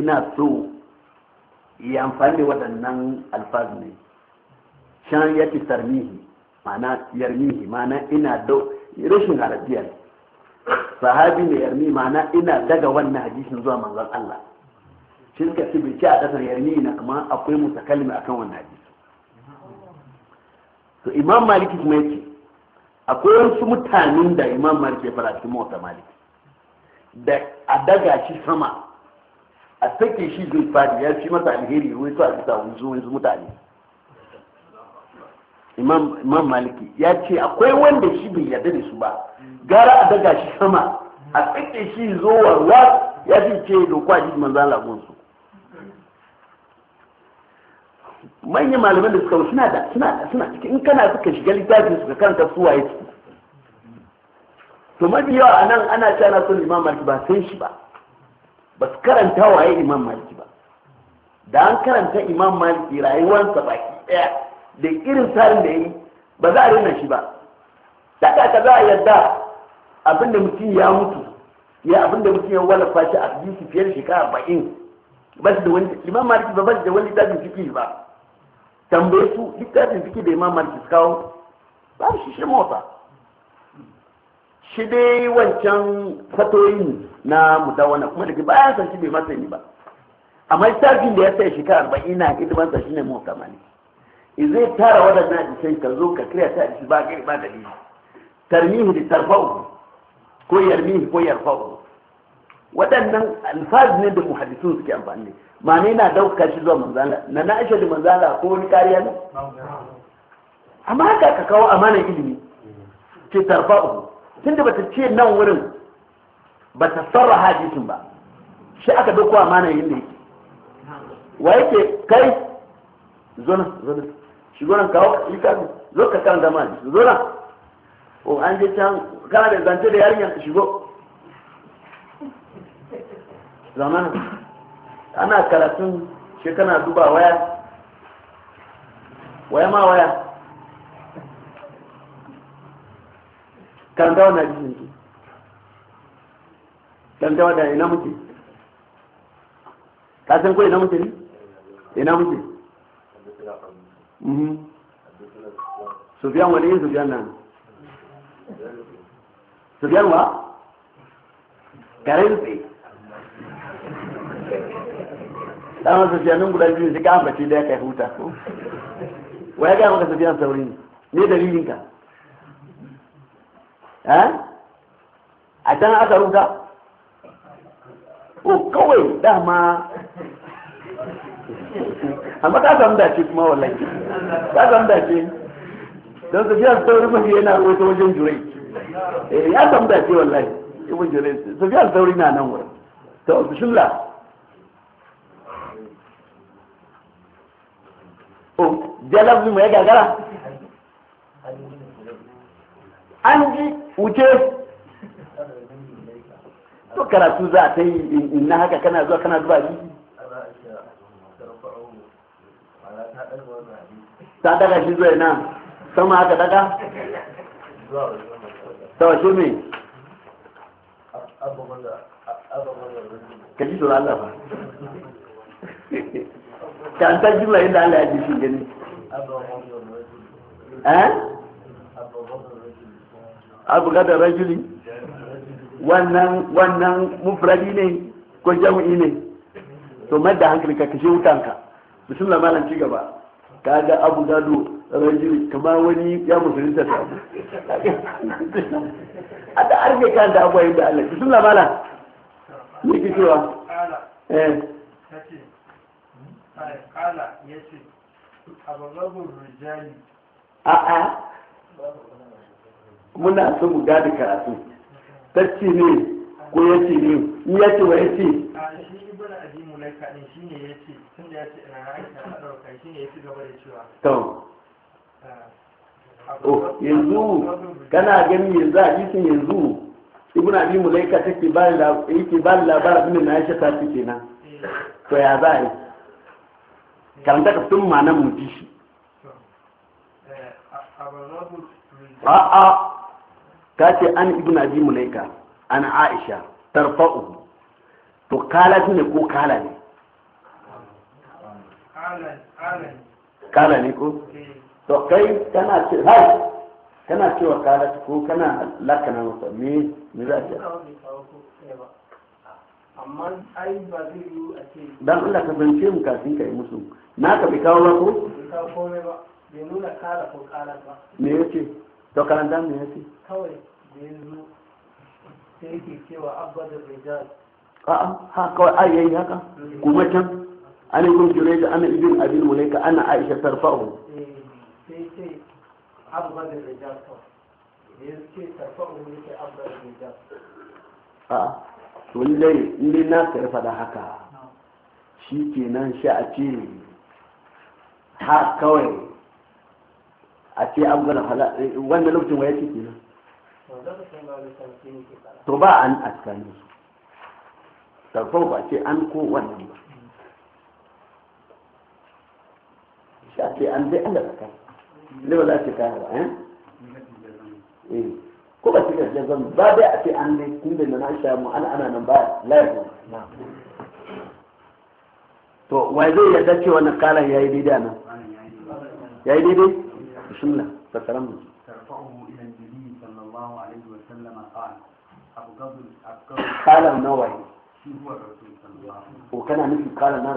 ina so yi amfani waɗannan alfaz ne shan ya tarmihi ma'ana yarmihi ma'ana ina dau rashin halafiya ne sahabi ne yarmi ma'ana ina daga wannan hadisin zuwa manzon Allah shi suka ci bai ci a kasar yarmi na kuma akwai mutakallimi akan wannan hadisi to imam maliki kuma yake akwai wasu mutanen da imam maliki ya fara cikin mawata maliki da a daga shi sama a sake shi zai fadi ya ci masa alheri wai su a bisa wani mutane imam imam maliki ya ce akwai wanda shi bai yarda da su ba gara a daga shi sama a tsike shi zo warwa ya fi ce doku a jikin manzan lagun su manyan malaman da suka suna da suna da suna cikin in kana suka shiga littafin suka karanta su waye su to mafi yawa a nan ana ce ana son imam maliki ba san shi ba ba su karanta waye imam maliki ba da an karanta imam maliki rayuwarsa baki daya da irin tsarin da ya yi ba za a rena shi ba daga ka za a yadda abinda mutum ya mutu ya abinda mutum ya wallafa shi a hadisi fiye da shekara arba'in ba su da wani imam maliki ba ba su da wani tafin fiki ba tambaye su tafin fiki da imam maliki su kawo ba shi shi motsa shi dai wancan fatoyin na mutawana kuma daga bayan san shi bai masa ni ba amma tafin da ya sai shekara arba'in na hidimansa shi ne motsa maliki zai tara waɗannan hadisai ka zo ka kira ta hadisi ba gari ba dalili tarmihi da tarfa'u ko yarmihi ko yarfa'u waɗannan alfaz ne da muhaddisun suke amfani ma ne na ɗauka shi zuwa manzala na na ashe da manzala ko wani kariya ne amma haka ka kawo amanar ilimi ce tarfa'u tunda bata ce nan wurin bata sarra hadisin ba shi aka dauko amanar yin da yake wa yake kai zona zona nan kawo littafi zo ka kan zama ne zo na o an je can kana da zance da yarinyar ka shigo zamanin ana karatun shi kana duba waya waya ma waya kandawa na jikin ki kandawa da ina muke ka san ko ina muke ne ina muke Mhm. sufiyan wani yin sufiyan nan sufiyan wa karensi dama sufiyanin guda biyu sai ka ambaci da ya kai huta ko wa ya gaya maka sufiyan sauri ne dalilinka eh? a can aka rubuta ko oh, kawai dama amma ka samu dace kuma wallahi ka samu dace don su fiya sauri mafi yana rota wajen jurai eh, ya samu dace wallahi ibn jurai su fiya sauri na nan wurin ta wasu shulla oh, jalabi mai gagara an ji wuce to karatu za ta yi in na haka kana zuwa kana zuwa ta daga shi zuwa nan sama aka daga ta shi ne ka ji tsoron Allah ba ka an ta jimla inda Allah ya ji shi gani eh abu gada rajuli wannan wannan mufradi ne ko jam'i ne to da hankali ka kashe wutanka bismillah malam ci gaba kaga abu gado rajul kamar wani ya musulunta ta abu a da arge kan da abuwa da Allah sun labala ne ki cewa eh. Eh. Hmm, eh kala ya ce abu rijali a a muna so mu gadi karatu tacce ne ko yace ne yace wa yace a shi ibn abi mulaika din shine yace ya ce na a to yanzu kana ganin yanzu a jisun yanzu ibn abi mulaika take ba yake ba labarin abin da na aisha ta fi kenan to ya za a yi karanta ka tun ma nan mu ji shi a'a ka ce an ibn mu laika an aisha tarfa'u to kala ne ko kala ne kala ne ko to kai kana ce hai kana cewa kala ko kana lakana masa me me za ka amma ai ba zai yi a ce dan Allah ka bance mu kafin kai musu na ka bi kawo ba ko bi kawo komai ba bai nuna kala ko kala ba me yace to karanta me yace kawai da yanzu sai ke cewa abba da rijal a'a ha kawai ai yayi haka kuma can kun jure jurayj ana ibin abin ka ana aisha tarfa'u a to lai ne na ka faɗa haka shi ke nan shi a ce ha kawai a ce abgana wanda lokacin waya ce kenan to ba an askani tarfau ba ce an ko wannan ba شاكي عندي ألا بكر لو لا تكاهر عين إيه. كل شيء جزم بابي أتي عندي كل من نعيش معنا أنا نبات لا نعم وايدي يدكي وانا قال يا ايدي دانا يا ايدي بسم الله ترفعه الى النبي صلى الله عليه وسلم قال ابو قبل قال نوعي هو الرسول صلى الله عليه وسلم وكان مثل قال نار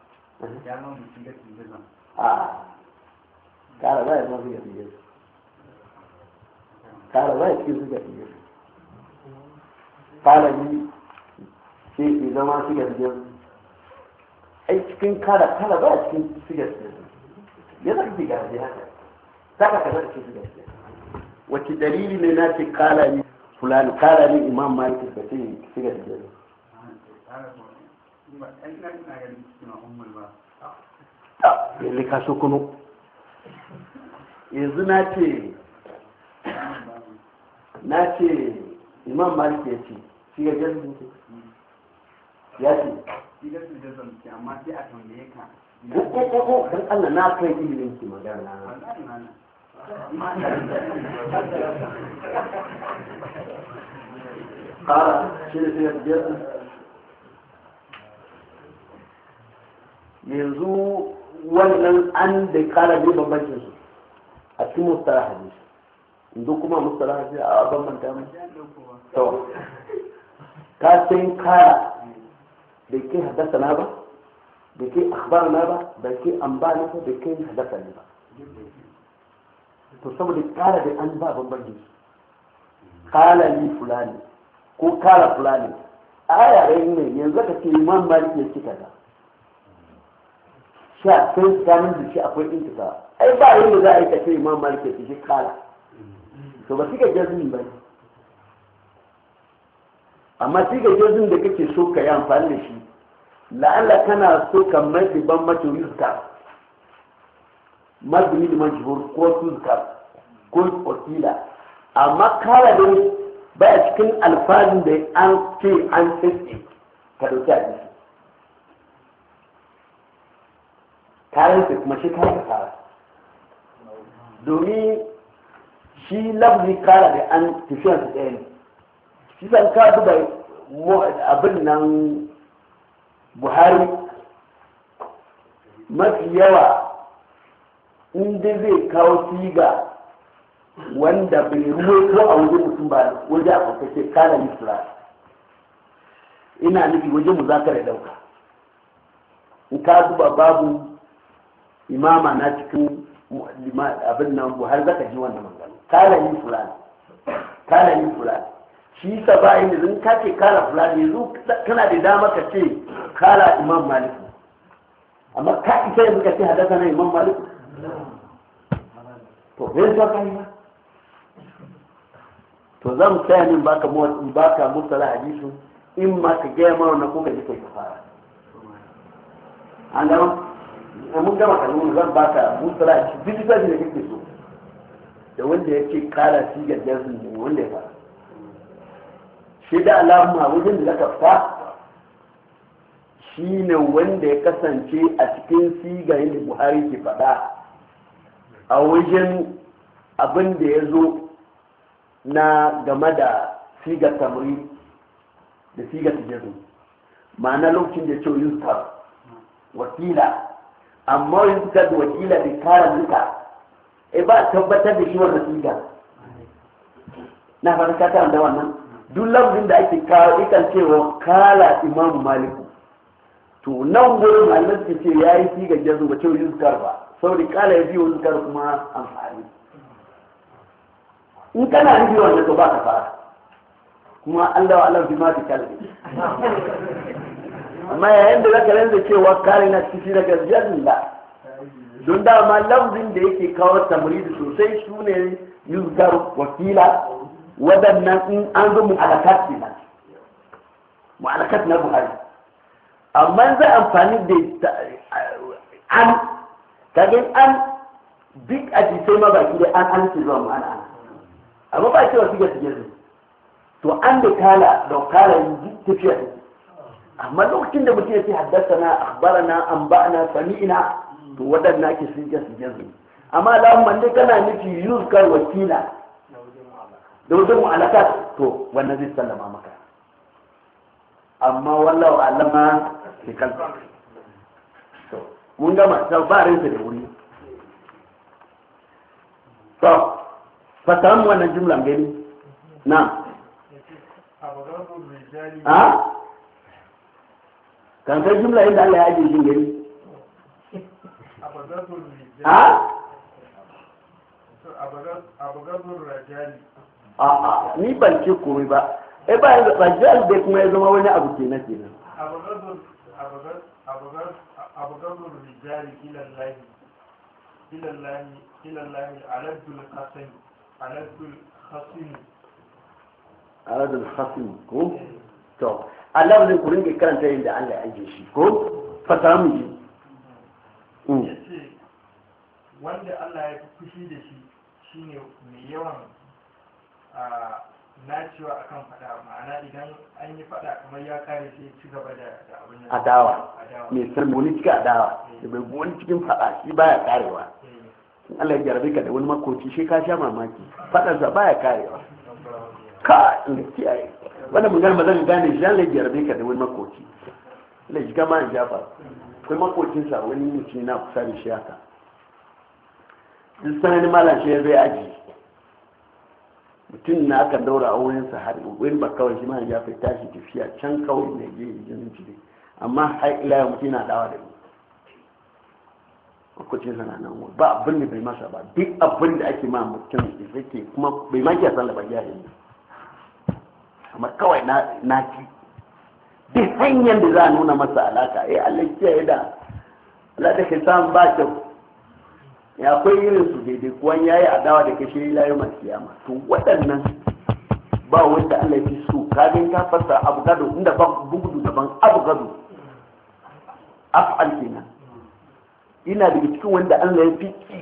قال لا ما في نتيجة قال لا يكفي نتيجة قال لي شيء إذا ما في نتيجة أي شكل قال قال لا يكفي نتيجة يدك تجاهل هذا ترك لا يكفي نتيجة وكدليل من ناس قال لي فلان قال لي إمام مالك البتين كثيرة جدا yanzu ka so kuno yanzu na ce na ce imam malik ya ce shi ga jazin ya ce shi ga jazin ce amma sai a tambaye ka oh, oh, oh, dan Allah na kai ilimin ki magana yanzu wannan an da kara ne bambancin su a cikin mustara hadisi inda kuma mustara hadisi a bambanta mai to ka san kara da ke haddasa na ba da ke akhbar na ba da ke ambani ba da ke haddasa ne ba to saboda kara da an ba bambancin su kala ni fulani ko kala fulani a yare ne yanzu ka ce imam malik ya ci kaza a sai tsakanin da shi akwai intifa ai ba yadda za a yi kace imam kala to ba shiga jazmin amma shiga jazmin da kake so ka yi amfani da shi la'alla kana so ka mai ban mace yuzka da majhur ko yuzka ko wakila amma kala dai baya cikin alfanun da an ce an tsitsi ka dauki a kayan su kuma shi kayan ka kara domin shi lafzi kara da an tafiya su ɗaya ne shi zan ka duba abin nan buhari mafi yawa inda zai kawo siga wanda bai ruwa ko a wajen mutum ba wajen a kwakwace kara misra ina nufi wajen mu za ka da dauka in ka duba babu imama na cikin abin nan har zaka ji wannan magana kala yi fulani kala yi fulani shi sa ba inda zan kace kala fulani yanzu kana da dama ka ce kala imam malik amma ka ita yanzu ka ce hadasa na imam malik to bai zuwa kai ba to zan tsaya min baka mu baka musala hadisu in ma ka gaya mana ko ka ji kai ka fara an gano mun gama kanuni zan baka busara ci duk lissafi da kake so da wanda ya ce kara sigar jansun ne wanda ya fara shi da alama wajen da zaka fa shi ne wanda ya kasance a cikin sigayen da buhari ke faɗa a wajen abin da ya zo na game da sigar tamri da sigar jazu ma'ana lokacin da ya ce yusuf wakila amma yanzu suka da wakila da kara duka e ba tabbatar da shi wannan siga na fara kata ta da wannan duk lafzin da ake kawo ikan cewa kala imamu maliku to nan gurin malamai suke ce ya yi siga jazu ba cewa suka ba saboda kala ya biyo yuzkar kuma amfani in kana nufi wannan to ba ka fara kuma Allah wa Allah bi ma ta kalbi amma yayin da zaka lanza cewa kare na cikin daga jalla don dama lafzin da yake kawo tamridi sosai su ne yuzgar wakila waɗannan in an zo mu'alakat ne na mu'alakat na buhari amma za amfani da an kage an duk a jisai ma baki da an an ce zuwa ma'ana amma ba cewa su gasu to an da kala da kala yi tafiya take amma lokacin da mutum ya ce haddasana akhbarana anba'ana sami'na to wadannan ake sun ke su jazu amma lamman ne kana nufi yuz wakila da wajen mu'alaka to wannan zai sallama maka amma wallahu alama ke kalba to mun gama sau ba rinsa da wuri to fatan wannan jumlan gani na kankan jumla yadda Allah ya ajiye shi gari ha a'a ni ban ce komai ba eh ba yanzu rajal bai kuma ya zama wani abu kenan kenan abgazur rijali ilallahi ilallahi ilallahi aladul hasan aladul hasan aladul hasan ko to Allah zai ku ringa karanta yadda Allah ya aje shi ko fata mu ji mm. wanda Allah ya fushi da shi shine mai yawan a nacewa akan fada ma'ana idan an yi fada kamar ya kare sai ci gaba da abin adawa mai sarmoni cikin adawa da eh. mai wani cikin fada shi baya karewa eh. Allah ya jarabe ka da wani makoci shi ka sha mamaki fadansa baya karewa ka in kiyaye wanda magana ba zan gane shi Allah ya jarabe ka da wani makoci Allah shiga ma in jafa akwai makocin sa wani mutum na kusa da shi haka duk sanin malam shi ya zai aji mutum na aka daura a wurin sa har wani ba kawai shi ma ya jafa tashi tafiya can kawai ne je jinin cire amma har ila yau mutum na dawa da ni makocin sa na nan ba abin da bai masa ba duk abin da ake ma mutum da yake kuma bai ma kiyasan da ba ya yi Kamar kawai na ki duk hanyar da za a nuna masa alaka eh, ya Allah kiyaye da Allah da ke samun ba kyau ya akwai irin su daidai kuwan yayi adawa da kashe layu masu kiyama to waɗannan ba wanda Allah ya fi so ka ga ka fasa abu gado inda ba bugudu daban abu gado af'al kenan ina daga cikin wanda Allah ya fi ki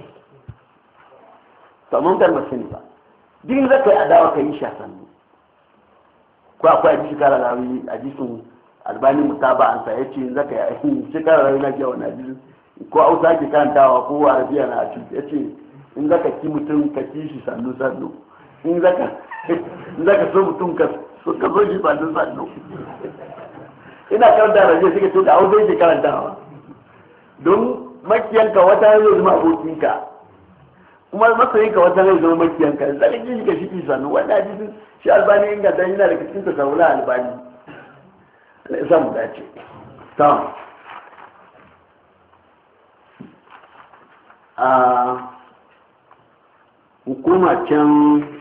to mun kan ba sani ba din zaka yi adawa ka yi shasanni ko akwai hadisi kara a hadisin albani mutaba an sa yace zaka yi shekara rawi na jiya wani hadisin ko hausa ke karantawa ko arabiya na ci yace in zaka ki mutum ka ki shi sannu sannu in zaka in zaka so mutum ka so ka so shi sannu sannu ina karanta rabi suka to da hausa ke karantawa don makiyanka wata yanzu zama abokinka kuma masoyi ka wata zai zama makiyan ka zalin jin ka shi sanu wanda hadisin shi albani in ga dan yana da cikin ta zaula albani Allah ya mu dace tamam a ah, hukuma can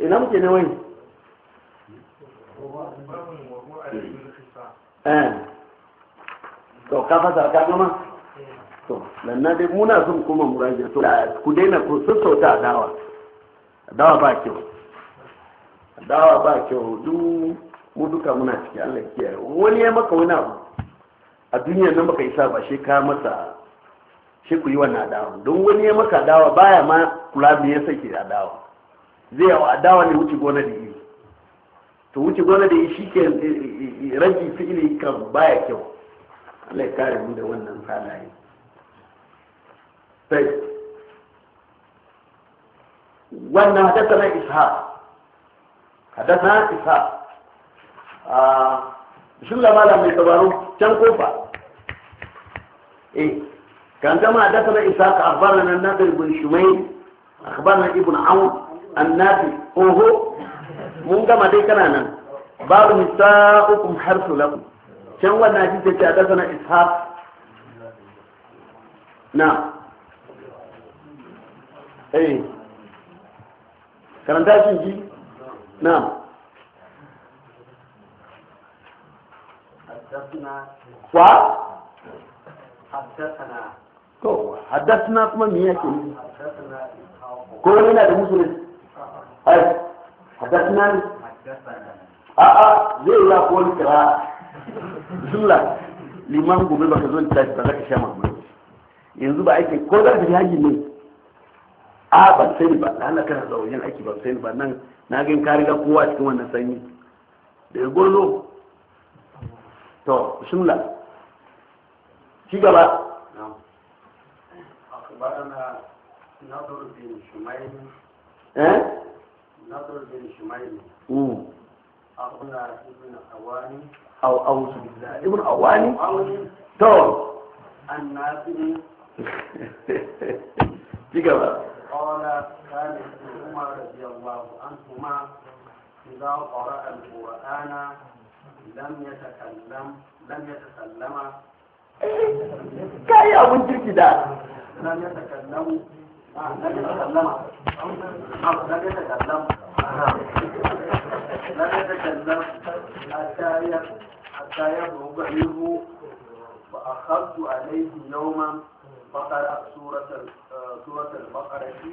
ina muke ne wai eh to ka fasara ka gama to lanna dai muna son kuma muraja to ku daina ku sassauta adawa adawa ba kyau adawa ba kyau duk mu duka muna ciki Allah kiyaye wani ya maka wani abu a duniya nan baka isa ba shi ka masa shi ku yi wannan adawa don wani ya maka adawa baya ma kula me ya sake adawa zai yawa adawa ne wuce gona da yi to wuce gona da yi shi ke eh, eh, eh, rage fi'ili kan baya kyau Allah ya kare mu da wannan halaye sai wannan hadathana ishaq hadathana ishaq ah bismillah malam mai tabarau can kofa eh كان كما حدثنا إسحاق أخبرنا النافع بن شميل أخبرنا ابن عون النافع هو هو من كما ذكرنا باب نساؤكم حرث لكم can wannan hadisi ce hadathana ishaq na eh karanta shi ji na wa haddathana to haddathana kuma me yake ko yana da musulunci ai eh. haddathana a'a zai yi ya wani kira zulla liman gobe ba ka zo ta ba za ka sha mamaki yanzu ba ake ko za ka haji ne a ban sani ba da Allah kana zawo yin aiki ban sani ba nan na ga ka riga kowa cikin wannan sanyi da golo to shimla ci gaba أخبرنا نضر بن شميل نضر بن شميل أخبرنا ابن أواني أو أوس بالله ابن أواني تو الناصري تجمع قال كان عمر رضي الله عنهما إذا قرأ القرآن لم يتكلم لم يتكلم كاي أبو تركي لم يتكلم لم يتكلم لم يتكلم لم يتكلم حتى يكون kayan ruga ihu ba a kartu a laifi yawon suratar makarashi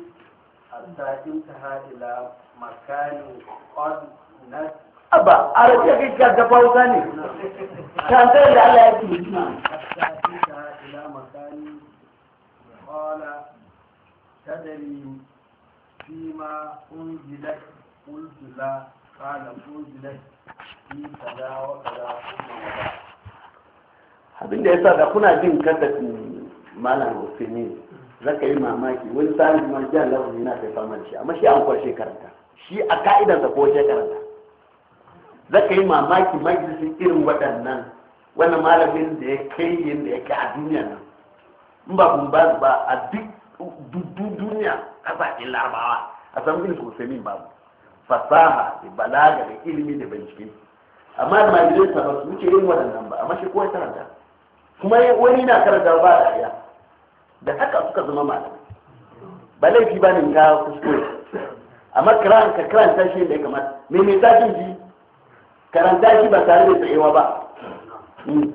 a tsakin ta hajjila makani na aba a rafiya kai ka dafa wuta da Allah ya kuma jina a tsakin ta hajjila makani da kwana ta dari fima kun jidar abin da ya sa da kuna jin kasafi malam hussein za ka yi mamaki wani sami ma jiya lafazin na kai fama shi amma shi an kwashe karanta shi a ka'idarsa ko shi karanta za ka yi mamaki majalisin irin waɗannan wani malamin da ya kai yin da ya kai a duniya nan in ba kun ba a duk duniya kasashen larabawa a san bin hussein babu fasaha da balaga da ilimi da bincike amma malamai sa ba su wuce yin waɗannan ba amma shi kowa karanta kuma wani na karanta ba dariya da haka suka zama malamai ba laifi ba ne ka kuskure amma ka karanta shi da ya kamata me me ta ji karanta shi ba tare da tsayewa ba hmm.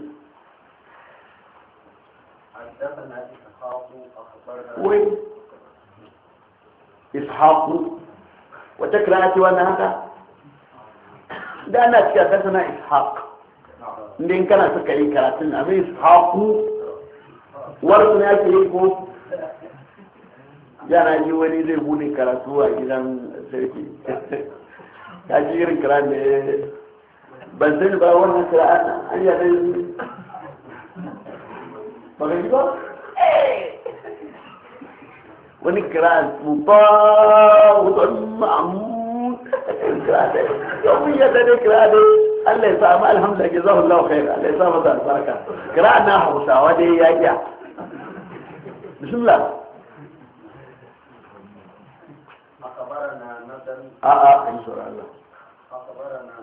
wai ishaku وتكره سوانا هكا دعنا سياستنا إسحاق من كان سكرين كراتنا من إسحاق ورثنا سيكو جانا جواني ليبوني كراتوا إذن سيكي كاجير كران بس دين باورنا كراتنا أيها دين فغيبا ونقرأ المعمود معمود يومية نقرأ الله يسامى الحمد لله جزاه الله خير الله يسامى ذا البركة قرأنا حوصا ودي يا بسم الله أخبرنا نذر آه آه إن الله أخبرنا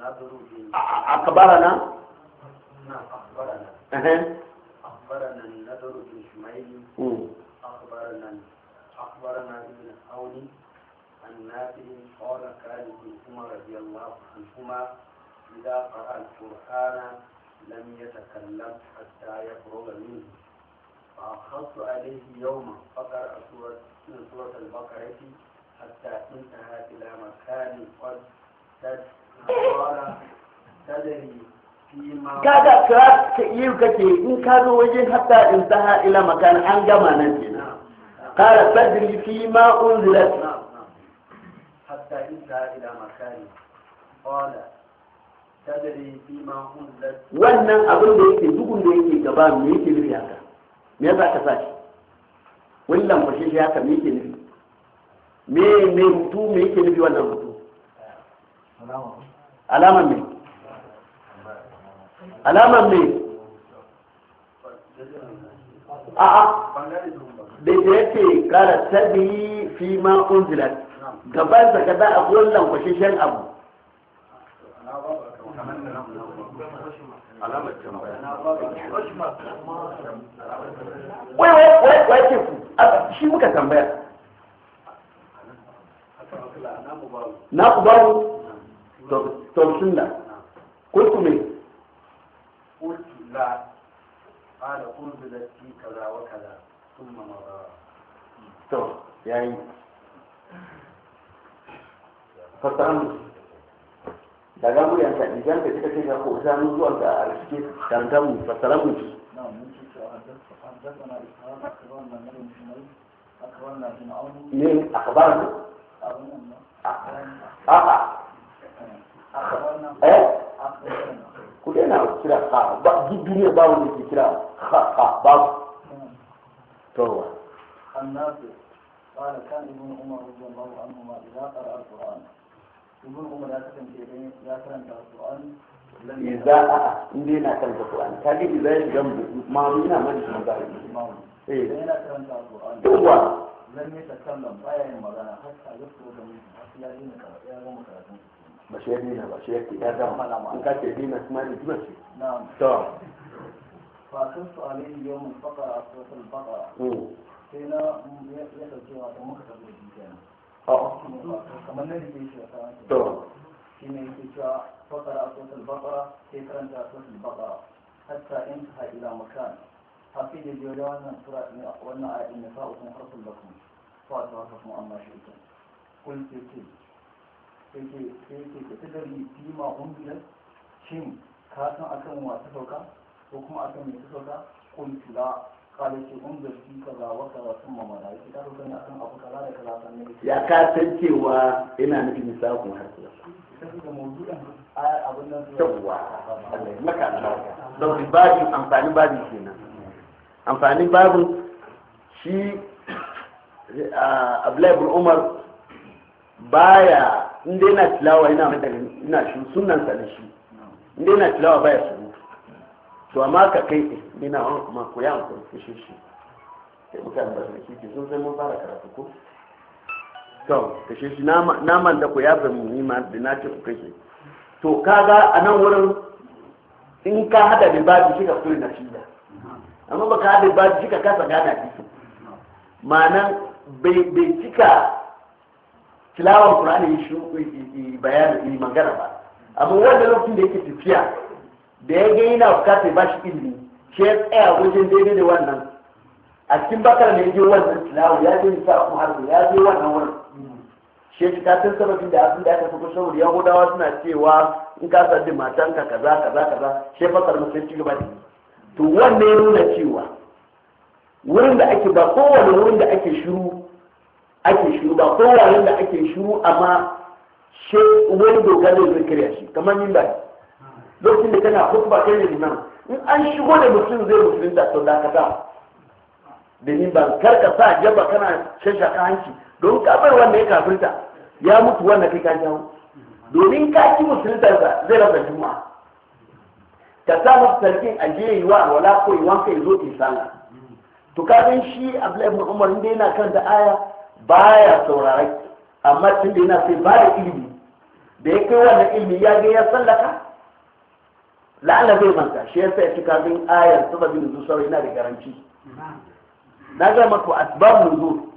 نذر أخبرنا نعم أخبرنا أخبرنا النذر بن شميل أخبرنا أخبرنا ابن عون عن نافع قال كان ابن عمر رضي الله عنهما إذا قرأ القرآن لم يتكلم حتى يفرغ منه فأخذت عليه يوما فقرأ سورة من سورة البقرة حتى انتهى إلى مكان قد قال تدري kaga ka yi kake in ka zo wajen hatta in taha ila makan an gama قال فادري فيما أنزلت حتى انتهى إلى مكانه قال تدري فيما أنزلت wannan abin da yake dukun da yake gaba me yake nufi haka me za ka sashi wannan fashe shi me yake nufi me me rutu me yake nufi wannan rutu alama me da ya ce kara tabi fi ma unzilat gaban sa kaza a wannan kwashishen abu wai wai wai wai ce ku shi muka tambaya na ku baru tausun da kurku me kurku la ala unzilat fi kaza wa kaza to yayi fasan daga muryan ka idan ka kika kika ko zanu zuwa ga alfike mu ne akbar ku kira ba duniya ba ke kira to annabi قال كان ابن عمر رضي الله عنهما إذا قرأ القرآن ابن عمر لا تكن إذا كان القرآن إذا إني أنا كان القرآن كان إذا جنبه ما لنا ما نسمع ذلك إيه إذا كان القرآن هو لم يتكلم بايع مغانا حتى يذكر من حتى لا دين يا غم كراتين ba shi ya dina ba shi ya ke ya dama in ka ce dina kuma ya dina shi to فقصت عليه يوم الفقرة سورة البقرة سينا يسأل سورة a الجيجان kamar nan da shi a to shi ne yake cewa fakara a sosai bakara sai karanta a sosai bakara hatta in ta ila makan hafi da jiyo da wannan sura ne wannan a inda sa ukun harfin lakum fa ta harfa kuma amma shi ita ce ce sai ce ka ta dari bima umbiyar shin ka san akan wasu sauka ko kuma akan mai ta sauka kala ce ta akan abu kaza da kaza sannan ya ka san cewa ina nufin misakun har kula saboda mawdu'in ayar abin nan yawa Allah maka babin amfani babin shi Umar baya inda yana ina sunan sa shi inda yana tilawa baya su to amma ka kai ni na ma ku ya ku kishi shi sai mutane ba su kishi sun sai mun to ya zama ni to kaga a nan wurin in ka hada da babu shi ka fito na shida amma ba ka hada da babu shi ka kasa gana shi ma'anan bai bai cika tilawar qur'ani shi bayani magana ba amma wanda lokacin da yake tafiya da ya gani yana bukatar ba shi ilimi shi ya tsaya wajen daidai da wannan a cikin bakar ne je wannan tilawa ya je nisa kuma harbi ya je wannan wurin shi ta tun sababin da abin da aka fi saboda yahudawa suna cewa in ka sadi matanka kaza kaza kaza shi fasar musu ci gaba da to wannan ya nuna cewa wurin da ake ba kowane wurin da ake shiru ake shiru ba kowane da ake shiru amma shi wani doka zai zai karya shi kamar yin ba lokacin da kana hukuma kai ne nan in an shigo da mutum zai da to dakata domin ban karka sa jaba kana hanci don kafin wanda ya kafirta ya mutu wanda kai ka jawo domin ka ki musulunta zai rasa juma'a ka sa masa sarkin ajiye yi wa wala ko yi wanka ya zo sana to ka shi Abdullahi ibn Umar inda yana kan da aya baya saurare amma tun da yana sai ba da ilimi da ya kai wannan ilimi ya ga ya sallaka la'ala bai manta shi yasa ya cika bin ayar sababin nuzul saboda yana da garanci na ga maku asbab nuzul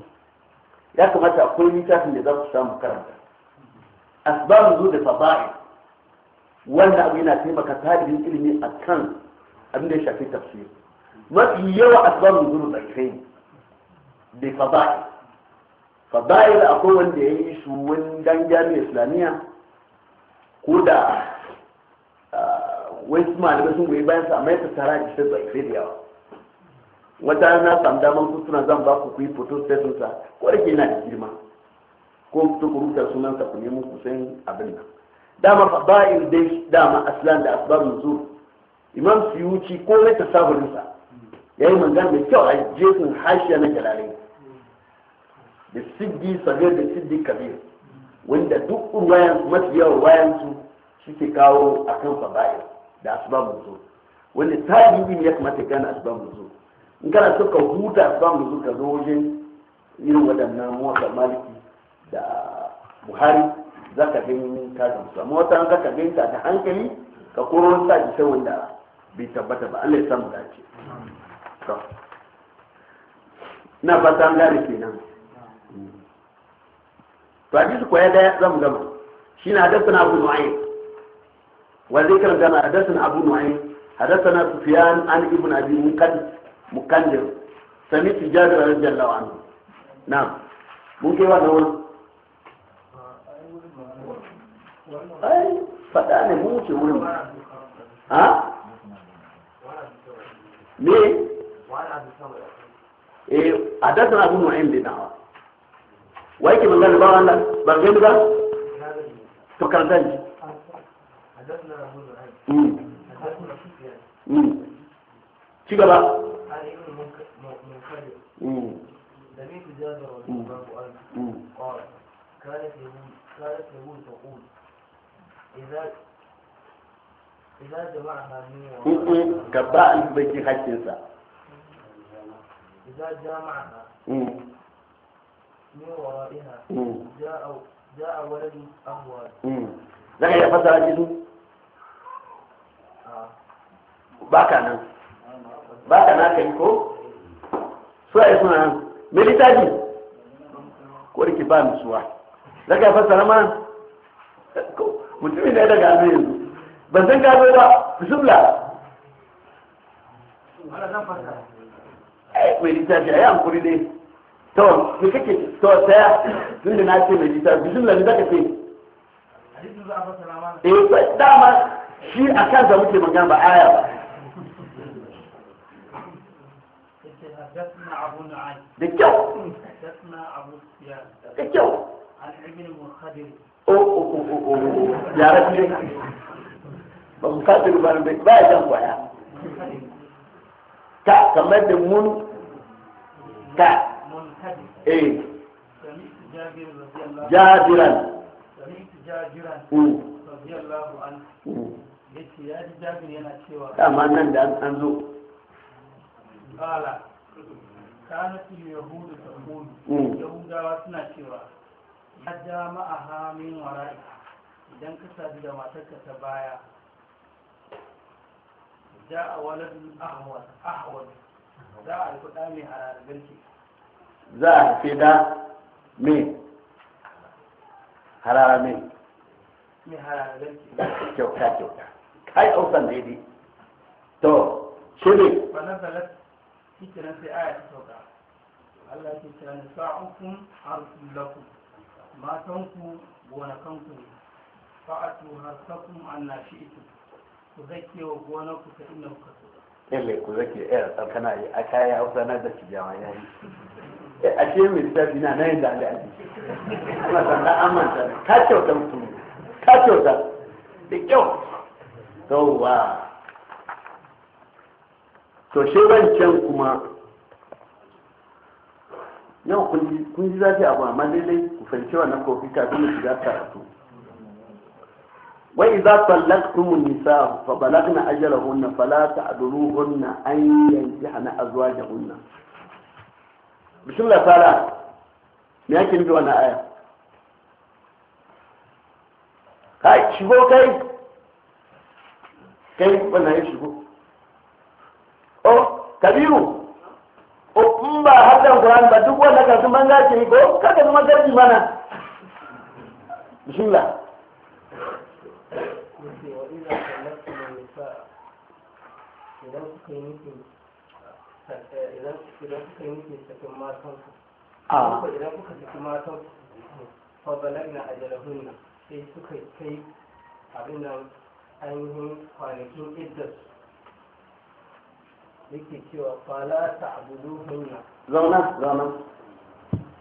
ya kamata akwai littafin da za ku samu karanta asbab nuzul da fada'i wannan abu yana taimaka talibin ilimi a kan abin da ya shafi tafsir mafi yawa asbab nuzul da kai da fada'i fada'i akwai wanda ya yi su wani dan jami'a islamiyya ko da wai su malibai sun goyi bayan su amma yadda tara da shi zai da yawa wata na samu daman su suna zan ba ku ku yi photo sa ko da ke yana da girma ko ku rubuta sunan sa ku nemo ku san abin nan dama fa in dai dama aslan da asbab nuzul imam suyuti ko na tasawurin sa yi magana da kyau a jefin hashiya na jalalai da siddi sabir da siddi kabir wanda duk ruwayan mafi yawan ruwayan su suke kawo a akan ba'ir da asbabun wani ta tabi'i ne ya kamata gane asbabun nuzul in kana so ka huta asbabun nuzul ka zo wajen irin waɗannan motsa maliki da buhari za ka gani ka gamsu amma wata an ka gani ta ta hankali ka koron sa ji ta wanda bai tabbata ba Allah ya samu dace na fata an gane kenan to a jisu kwaya daya zamu gama shi na dafa na abu nu'ayyar وذكر كما حدثنا أبو نعيم حدثنا سفيان عن ابن أبي مكندر سمعت جابر رضي الله عنه نعم ممكن وانا هون أي فتاني ممكن يقول ها مين إيه حدثنا أبو نعيم بن نعم. عوف ويكي من قال بقى أنا بقى تكردني ci gaba سمعت جابر رضي الله عنه قال كانت يهود كانت يهود تقول إذا إذا جمعها مين كباء بجي حشنسا إذا جمعها من ورائها جاء جاء ولد أموال لكن يا فتى ba ka nan ba ka na ka yi ko su a yi suna nan mai littafi ko da ke ba mu suwa daga fassara ma mutumin da ya daga abin yanzu ban san gano ba bismillah eh, mai littafi a yi hankuri dai to me kake to saya tun da na ce mai littafi bismillah ne zaka ce eh dama shi a kansa muke magana ba aya ba da kyau da kyau o o o o o yara ne ba mu kadir ba ne ba ya jan kwaya ta kamar da mun ta eh jabiran jabiran رضي الله عنه dama nan da an zo kanatin yahudu ta kudu hmm. yahudawa suna cewa ya ja ma'aha min wara'i idan ka sadu da matarka ta baya ja a waladun ahwad za a haifi ɗa mai haragarki za a haifi da mai harara mai mai haragarki kyauta kyauta kai ausan daidai to shi ne kiran sai aya ta sauka Allah ke kira ne sa'ukum harsun lakum matanku gonakanku ne fa'atu harsakum anna shi'tu ku zake wa ku ta inda kuka so yalle ku zake eh tsarkana yi a kaya hausa na da cijawa ya yi a eh, ashe mai tafi na nan da Allah ne kuma sannan ne. ka kyauta mutum ka kyauta da kyau yawwa to shi wancan kuma yau kun ji zafi abu amma daidai ku fahimci wannan kofi kafin mu shiga karatu wai za mun nisa fa balagna a fala hunna an da hunna bismillah ta'ala me yake nufi wannan aya kai shigo kai kai wannan ya shigo o kabiru o in ba har haddan qur'an ba duk wanda ka sun banza ce ko kada kuma garbi mana bismillah idan kuka yi nufin idan kuka yi nufin sakin matanku idan kuka saki matanku fa balagna ajalahunna sai suka kai abin nan ainihin kwanakin iddas yake cewa fala ta abudu hunna zauna zauna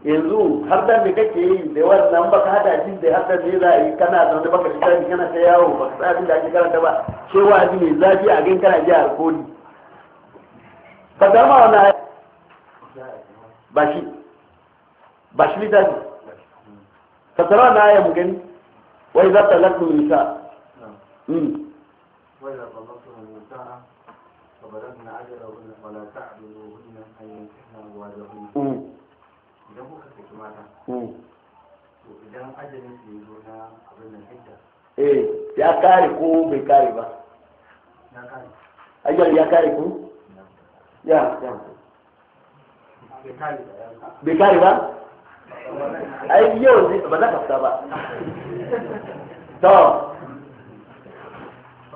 yanzu har da me kake yi da wannan baka hada shi da har da me za a yi kana zaune baka shi tafi kana ta yawo baka sa abin da ake karanta ba cewa ji mai zafi a gan kana ji alkoli ba wani ayi ba shi ba shi littafi fasara na ayi mu gani wai za ta lafi nisa Hmm. وإذا طلقتم المتاع hmm. yi hmm. eh ya kare ko bai kare ba ya kare ajal ya kare ko ya ya bai kare ba ai yau ba za ka fita ba to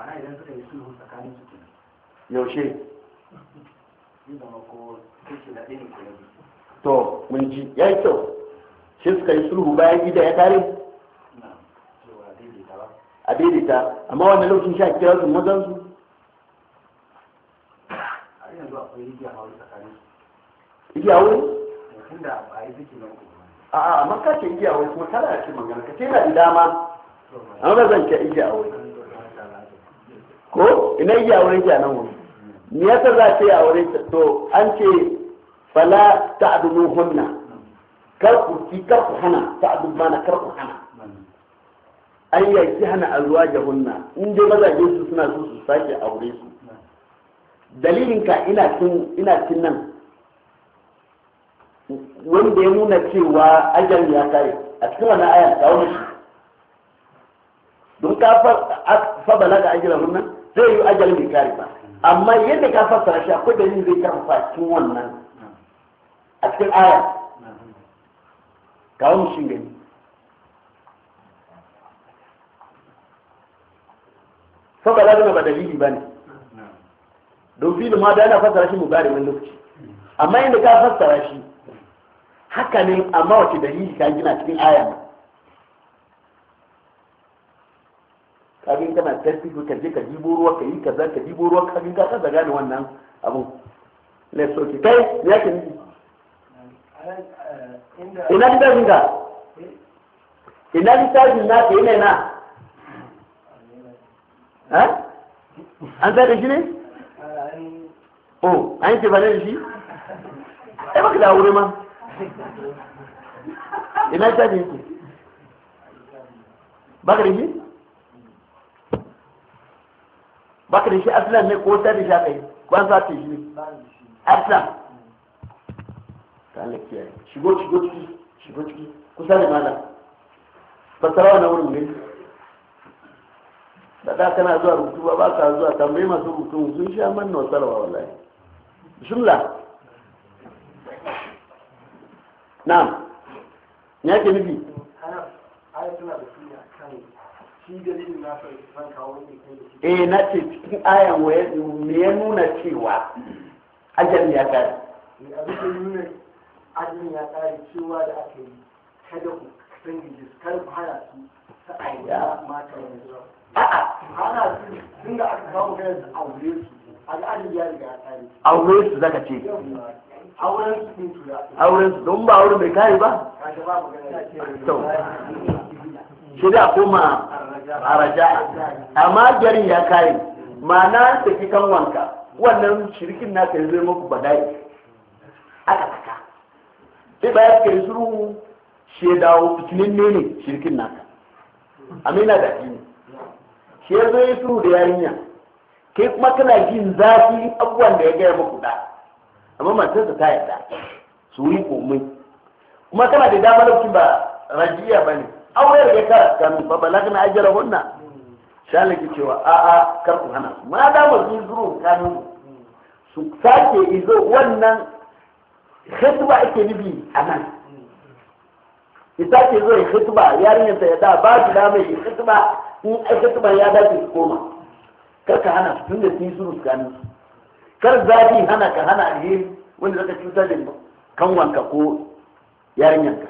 mana idan suka yi sulhu tsakanin su kenan yaushe da yanzu. to mun ji ya yi kyau shi suka yi sulhu bayan gida ya kare a daidaita amma wannan lokacin sha kira su mazan su igiya wuri a a eh, maka ce igiya wuri kuma tana ce magana ka ce na da dama an razanta igiya wuri ko ina yi aure ki a nan wuri me yasa za ka yi aure ta to an ce fala ta'dulu hunna kar ku ki kar ku hana ta'dul mana kar ku hana an ki hana hunna in dai mazaje su suna so su sake aure su dalilin ka ina cin ina cin nan wanda ya nuna cewa ajal ya kare a cikin wannan aya kawo shi don ka fa balaga ajira wannan zai yi ajalin mai kare ba amma yadda ka fassara shi akwai dalilin zai kan fashin wannan a cikin aya kawo mu shi gani fa ba lazima ba dalili ba ne don fili ma da ana fassara shi mu bari wani lokaci amma yadda ka fassara shi haka ne amma wace dalili ka gina cikin aya kage kana tasbihu ka je ka jibo ruwa ka yi kaza ka jibo ruwa kage ka kaza gane wannan abun ne so ki kai ya ke ni ina littafin ka ina littafin na ke ina na an sai da shi ne o oh, an ce bane shi ai baka da wuri ma ina da ki baka da shi baka da shi aslan ne ko ta da shi aka yi ba za ta shi aslan ta lafiya shigo shigo ciki shigo ciki kusa da ba fasarawa na wurin ne da da kana zuwa rubutu ba ba ka zuwa tambayi masu rubutu sun sha manna wasarawa wallahi bismillah na'am ya ke nufi ana ayatuna da suna kan eh na ce cikin ayan waya me ya nuna cewa ajal ya kare eh, ya kare a'a aka aure su ya kare aure su zaka ce auren su ba auren don ba auren bai kare ba to shi da koma a raja'a amma garin ya kare ma'ana kan wanka wannan shirkin naka ya zai muku badai aka saka sai bayan kai suru shi ya dawo fitinin ne ne shirkin naka amina da ne shi ya zo ya suru da yarinya kai kuma kana jin zafi abubuwan da ya gaya muku da amma matarsa ta yarda su yi komai kuma kana da damar ba rajiya ba ne aure ya kara kanu fa balagna ajalahunna shalaki cewa a a kar ku hana ma da ba su zuru kanu su sake izo wannan khutba ake nufi a nan ita ke zo ya khutba yarinyar ta ya da ba su da mai khutba in ai khutba ya dace su koma kar ka hana su tunda sun yi zuru kanu kar zafi hana ka hana alheri wanda zaka cutar da kanwanka ko yarinyanka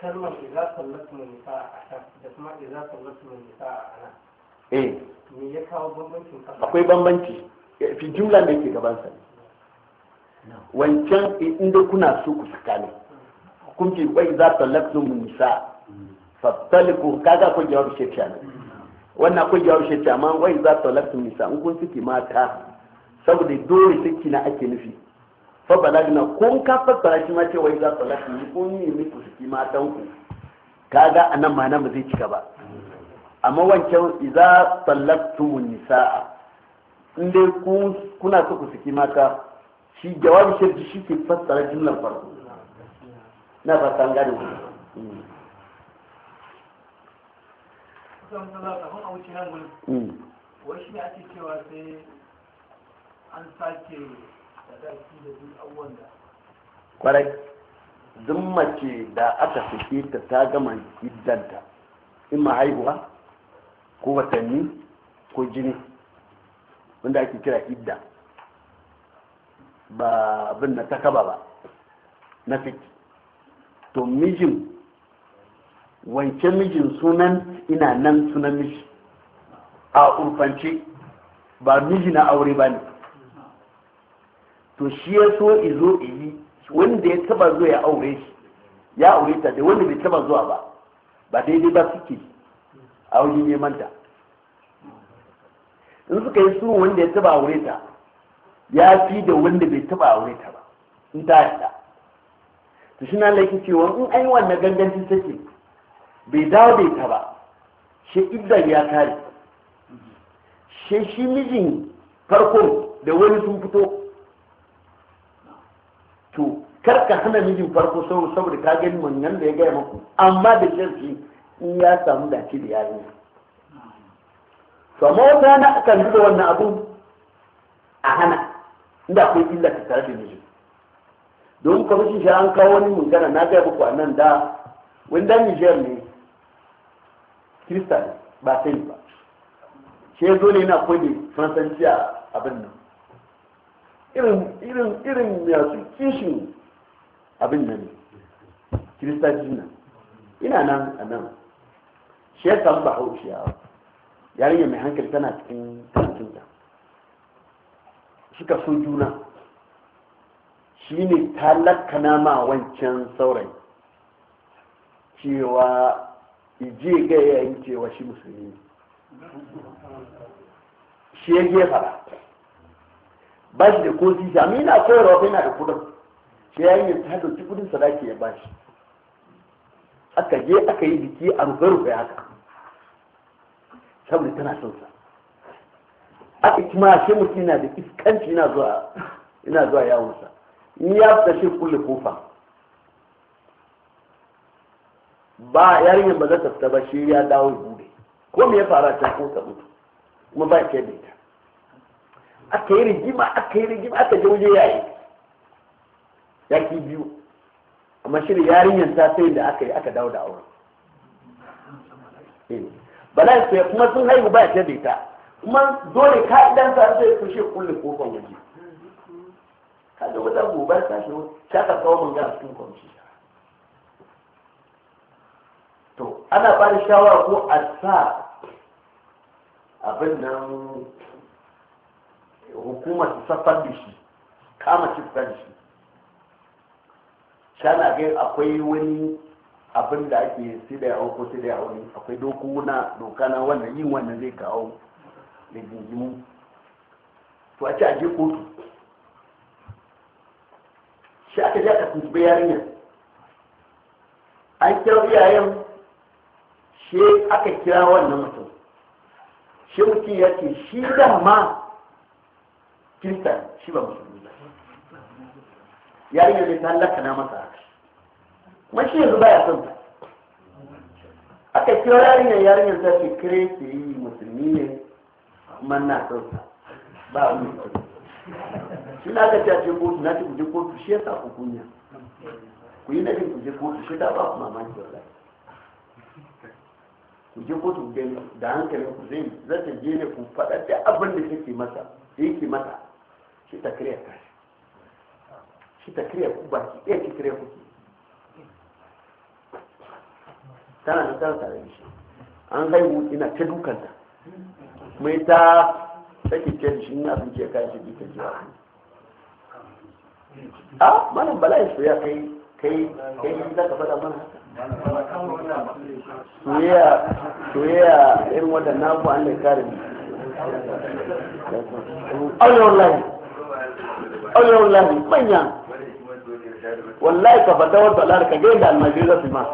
kalmar idza sallatu nisaa akan da kuma idza sallatu nisaa anan eh me ya kawo bambancin kasa akwai bambanci fi jumla da yake gaban sa wancan eh, inda kuna so ku saka ne kun ce wai za sallatu nisa fattaliku kaga akwai jawabi shekya ne wannan akwai jawab shekya amma wai za sallatu nisa in kun suke mata saboda dole suke na ake nufi fa balagna ko ka fassara shi ma cewa za su lafi yi ko ni ne ku saki ka ku kaga anan ma nan ba zai cika ba amma wancan idza sallatu nisaa in dai ku kuna so ku ma ka shi jawabi shirki shi ke fassara jumlar farko na fata an gane wani hmm. hmm. shi ne ake cewa sai an sake kwarai duk mace da aka sake ta ta gama iddanta in ma haihuwa ko watanni ko jini wanda ake kira idda ba abin na takaba ba na fiki to mijin wance mijin sunan ina nan sunan miji a urfance ba miji na aure ba ne to shi ya so izo iyi wanda ya taba zo ya aure shi ya aure ta da wanda bai taba zuwa ba ba daidai ba suke a wajen neman ta in suka yi sun wanda ya taba aure ta ya fi da wanda bai taba aure ta ba in ta yadda to shi na laifin cewa in an yi wannan gangancin take bai dawo da ita ba shi idan ya kare shi shi mijin farko da wani sun fito to kar ka hana mijin farko saboda ka gani wannan da ya gaya maku amma da jirgi in ya samu dace da yarinya to amma wata na akan duba wannan abu a hana inda akwai illa ta tare da mijin don kwamishin shi an kawo wani mungana na gaya muku a nan da wani dan ne kirista ne ba sai ba shi ya zo ne yana da fransanci a abin nan irin masu kishin abin nan kiristaji na ina nan a nan shi ya samu ba hau shiya yarinya mai hankali tana cikin kantinta suka so juna shi ne talakana ma wancan saurayi cewa ije ga yayin cewa shi musulmi shi ya gefa ba shi da ko shi amma yana koyarwa yana da kudin shi ya yi ta dauki kudin sadaki ya bashi aka je aka yi biki a rufe rufe haka saboda tana son sa aka kuma shi mutum yana da iskanci yana zuwa yana zuwa yawon sa in ya fita shi kulle kofa ba yarinyar ba za ta fita ba shi ya dawo ya bude ko me ya fara ta ko ta mutu kuma ba ke da ita aka yi rigima aka yi rigima aka je waje yayi yaki biyu amma shi da yarinyar ta sai da aka yi aka dawo da auren bala sai kuma sun haihu ba ta da ita kuma dole ka idan sa sai ku shi kullu kofar waje ka da wata gobe ta shi ta ka kawo mun ga cikin kwamci to ana ba shawara ko a sa abin nan hukumar su safar da shi kama cifta da shi shana ga akwai wani abin da ake sai da yawon ko sai da yawon akwai dokuna doka na wannan yin wannan zai kawo da gingimu to a ce a je kotu shi aka ja ka tuntuɓe yarinyar. an kira iyayen shi aka kira wannan mutum shi mutum ya ce shi da ma kirista shi ba musulmi ba yarinya ne ta halaka na masa haka kuma shi yanzu baya son ta aka kira yarinya yarinyar ta ce kire ke yi musulmi ne kuma na son ta ba wani wuce shi na aka ce a ce kotu na ce kotu shi ya sa ku kunya ku yi na ku kuje kotu shi ta ba ku mamaki wallahi ku je kotu da hankalin ku zai ta je ne ku faɗa da abin da ke masa yake masa shi ta kariya kashi shi ta kariya ku baki ɗaya ki kariya kuki, tana da tana da shi an haihu ina ta dukanta mai ta sake ce da shi ina abinci ya kayan shi bi ta jiwa a malam bala ya soya kai kai kai za ka faɗa mana soyayya soyayya irin waɗannan an da kare mu Allah ƙaunar you manya wallahi ka fata wata lar ka gaida almajiri za su ma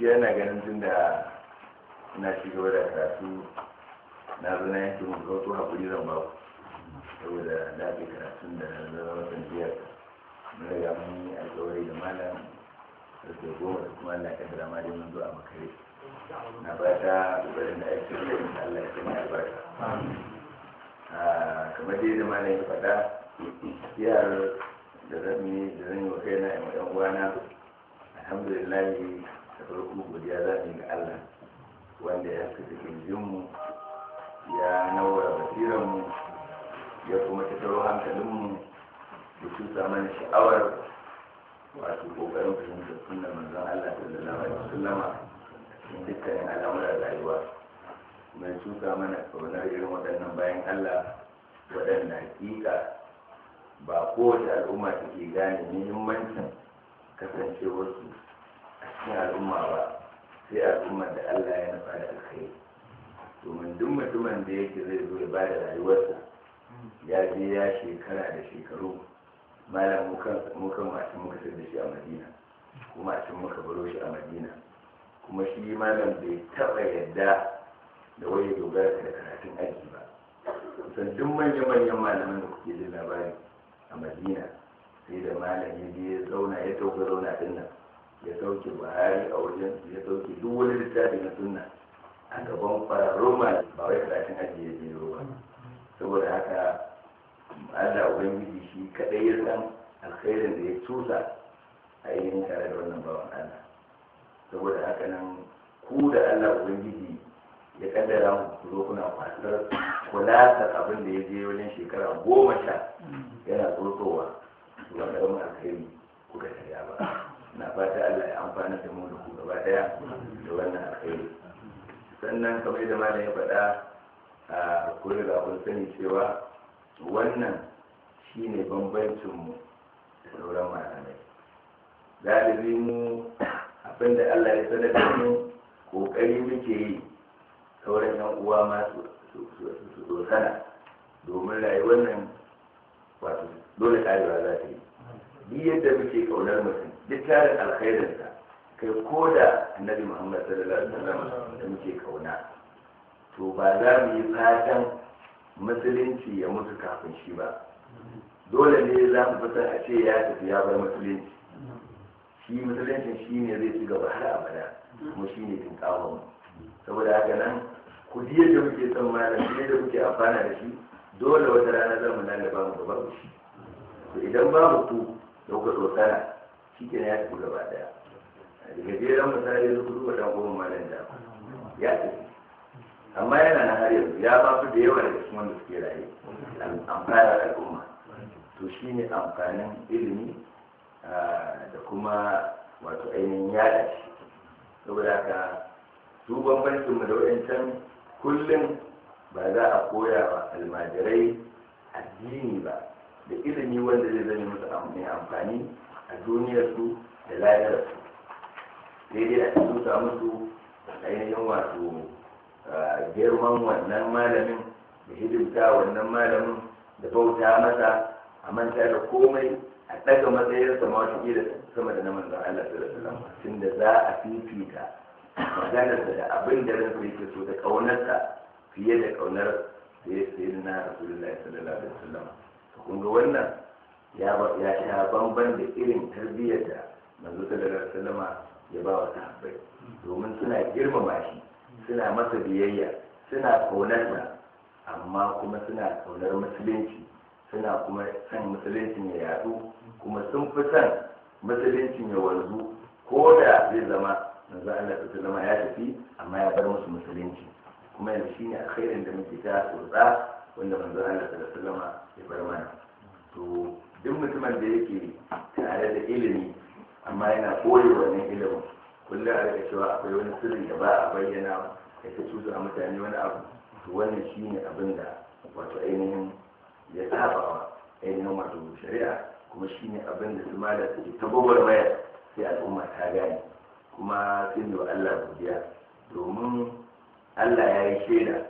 yana ina ci gaba da karatu na zana yanki mun zo tuha kuri zan ba saboda na ke karatun da na zama watan biyar mun riga mun yi alkawari da malam da goma da kuma Allah ka dara malin mun zo makare na ba ta kokarin da ake yi da Allah ya sanya albarka ah, kamar dai da malam ya faɗa yar da zan yi da zan yi wa kaina da ɗan uwana alhamdulillah da farko godiya za mu yi ga Allah wanda ya haskaka kirjinmu ya naura basiranmu ya kuma tattaro hankalinmu da cuta mana sha'awar wato ƙoƙarin fahimtar sunna manzon Allah sallallahu da wasallama cikin dukkanin al'amuran rayuwa mai cuta mana kaunar irin waɗannan bayan Allah waɗanda hakika ba kowace al'umma take gane muhimmancin kasancewarsu a cikin al'umma ba sai al'ummar da Allah ya nufa da alkhairi domin duk mutumin da yake zai zo ya bada rayuwarsa ya je ya shekara da shekaru malam mukan masu muka sai da shi a madina kuma a muka baro shi a madina kuma shi malam bai taɓa yadda da wani dogara da karatun aiki ba kusan duk manya-manyan malaman da kuke jin labari a madina sai da malam ya je ya zauna ya tauka zauna din ya sauke buhari a wajen ya sauke duk wani littafi na sunna a gaban kwararrun malamai ba wai karatun ajiye ya je ba saboda haka Allah Ubangiji shi kaɗai ya san alkhairin da ya tusa a yin tare da wannan bawan Allah saboda haka nan ku da Allah Ubangiji ya kaddara mu zo kuna kwasar kulasar abin da ya je wajen shekara goma sha yana tsotsowa ba karamin alkhairi kuka shirya ba na fata Allah ya amfana da mu da ku gaba daya da wannan alkhairi sannan kamar da malam ya faɗa a kullu da kun sani cewa wannan shine bambancin mu da sauran malamai galibi mu abinda Allah ya sanar da mu kokari muke yi sauran yan uwa ma su sana domin rayuwar nan wato dole karewa za ta yi duk yadda muke kaunar mu duk tarin alkhairinsa kai ko da annabi muhammad sallallahu alaihi wasallam da muke kauna to ba za mu yi fatan musulunci ya mutu kafin shi ba dole ne za mu fitar a ce ya tafi ya bar musulunci shi musulunci shi ne zai ci gaba har abada kuma shi ne tun mu saboda haka nan kudiyar da muke son malam kudiyar da muke amfana da shi dole wata rana za mu nan da ba mu gaba shi to idan mu ku da kuka tsokana shi ya tafi gaba daya daga jeren misali su kudu wajen goma malin da ya tafi amma yana na har yanzu ya ba su da yawa daga cikin wanda suke raye amfanar al'umma to shi ne amfanin ilimi da kuma wato ainihin yada shi saboda haka su bambancin mu da wayancan kullum ba za a koya wa almajirai addini ba da ilimi wanda zai zama musu amfani a duniyar duniyarsu da su daidai a cikin samu su ainihin wato girman wannan malamin da hidimta wannan malamin da bauta masa a manta da komai a ɗaga matsayinsa ma wata ƙila sama da na manzan Allah sallallahu alaihi wasallam da za a fifita maganarsa da abin da ransa yake so da ƙaunarsa fiye da ƙaunar da ya sayi na Rasulullahi sallallahu alaihi wasallam kun ga wannan ya sha bamban da irin tarbiyyar da manzo sallallahu alaihi wasallam ya ba wa sahabbai domin suna girmama shi suna masa biyayya suna sa amma kuma suna kaunar musulunci suna kuma san musuluncin ya yadu kuma sun fi san musuluncin ya wanzu ko da zai zama manzo Allah ta ya tafi amma ya bar musu musulunci kuma yanzu shine alkhairin da muke ta tsotsa wanda manzo Allah ta ya bar mana to duk mutumin da yake tare da ilimi amma yana koyi wannan ilimin kullum a rika cewa akwai wani sirri da ba a bayyana ya ta cusa a mutane wani abu to wannan shine abin da wato ainihin ya saba wa ainihin wato shari'a kuma shine abin da su mala suke ta gwagwarmaya sai al'umma ta gane kuma sun yi wa Allah godiya domin Allah ya yi shaida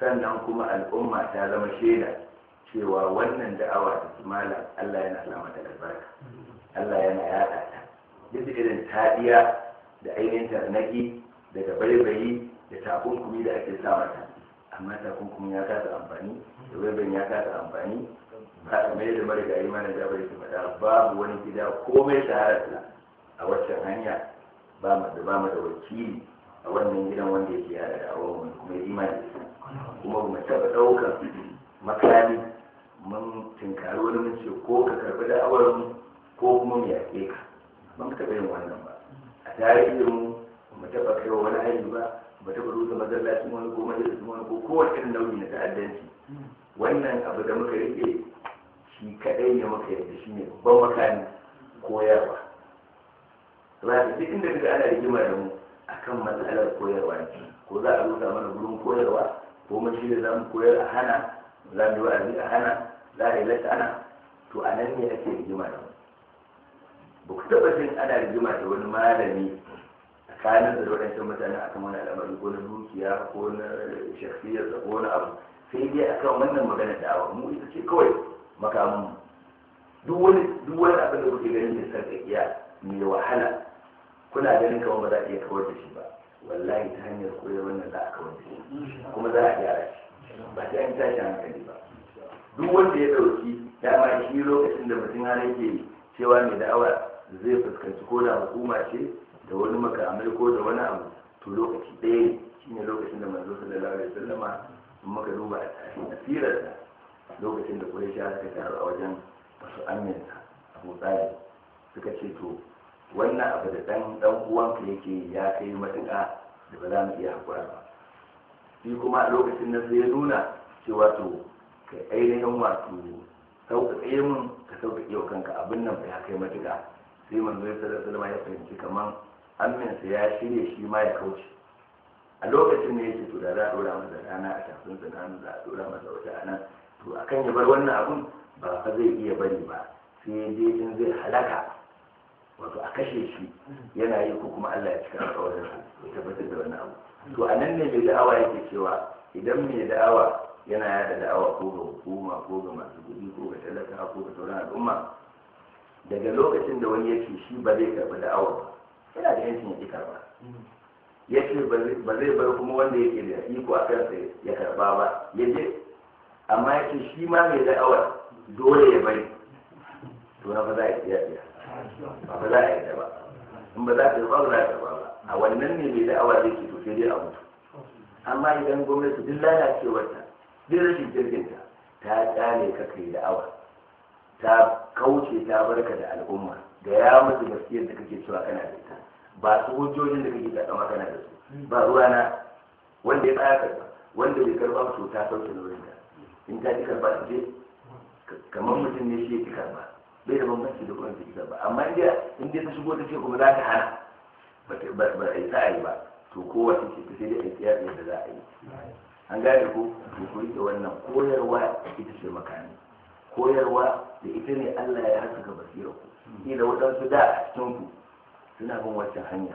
sannan kuma al'umma ta zama shaida cewa wannan da'awa da su malam Allah yana alama da albarka Allah yana yaɗa ta duk da irin tadiya da ainihin tarnaki da gabaibayi da takunkumi da ake sa mata amma takunkumi ya kasa amfani da gabaibayin ya kasa amfani ba a mai da mara gari mana da bai da babu wani gida komai shahararsa a waccan hanya ba mu da ba mu da wakili a wannan gidan wanda yake yada da awon kuma imani kuma mu taɓa ɗaukar makami mun tinkari wani mun ko ka karbi da'awar mu ko kuma mu yaƙe ka ba mu taɓa yin wannan ba a tarihin mu mu taɓa kai wani hanyar ba mu taɓa rusa masallacin wani ko majalisun wani ko kowace irin nau'i na ta'addanci wannan abu da muka rike shi kaɗai ne muka yadda shi ne babban makani koyarwa za ka duk inda kaga ana rigima da mu akan matsalar koyarwa ne ko za a rusa mana gurin koyarwa ko mashi da za mu koyar a hana za mu yi wa'azi a hana tsare lasana to a nan ne ake rigima da ba ku taɓa jin ana rigima da wani malami tsakanin da waɗancan mutane a kan wani al'amari ko na dukiya ko na shafiyar da ko na abu sai dai a kan wannan maganar da awa mu ita ce kawai makamun duk wani abin da kuke ganin da sarƙaƙiya mai wahala kuna ganin kamar ba za a iya kawar da shi ba wallahi ta hanyar koyar wannan za a kawar da shi kuma za a gyara shi ba sai an tashi hankali ba duk wanda ya dauki dama shi lokacin da mutum har yake cewa mai da'awa zai fuskanci ko da hukuma ce da wani makamai ko da wani abu to lokaci ɗaya shine lokacin da manzo sallallahu alaihi wasallama in muka duba a tarihin da lokacin da ya suka taru a wajen wasu aminta a tsari suka ce to wannan abu da dan dan uwanka yake ya kai matuƙa da ba za mu iya haƙura ba shi kuma a lokacin nan sai ya nuna cewa to ka ainihin wato sauƙaƙe mun ka sauƙaƙe wa kanka abin nan ya kai matuƙa sai manzo ya sallallahu salama ya fahimci kaman Aminsa ya shirya shi ma ya kauce a lokacin ne ya ce to da za a ɗora masa rana a tafin sa nan za a ɗora masa wata nan to a kan ya bar wannan abun ba fa zai iya bari ba sai dai in zai halaka wato a kashe shi yana yi ko kuma Allah ya cika alƙawarin ya tabbatar da wannan abu to a nan ne mai da'awa yake cewa idan mai da'awa yana yada da'awa ko ga hukuma ko ga masu kuɗi ko ga talaka ko ga sauran al'umma daga lokacin da wani ya ce shi ba zai karɓi da'awa ba yana da yancin ya ƙi karɓa ya ce ba zai bar kuma wanda yake da iko a kansa ya karɓa ba ya je amma ya ce shi ma mai da'awa dole ya bari to na ba za a yi tsiya ba za a yi ba in ba za ka ba za ka ba a wannan ne mai da'awa zai ke to sai dai a mutu amma idan gwamnati duk lalacewarta duk rashin kirkinta ta tsane ka kai da awa ta kauce ta barka da al'umma da ya mutu gaskiyar da kake cewa kana da ita ba su hujjojin da kake tsakama kana da su ba ruwana wanda ya tsaya karba wanda bai karba su to ta sauke nauyin ka in ta ji karba je kamar mutum ne shi ya ji karba bai da bambanci da kuma ki karba amma in dai in dai ta shigo ta ce kuma za ta hana ba ta yi sa'ayi ba to kowace ce ta sai dai a yi da za a yi an gane ko to ku da wannan koyarwa ita ce makami koyarwa da ita ne Allah ya ga basira ku kila wadansu da a cikin ku suna bin wancan hanya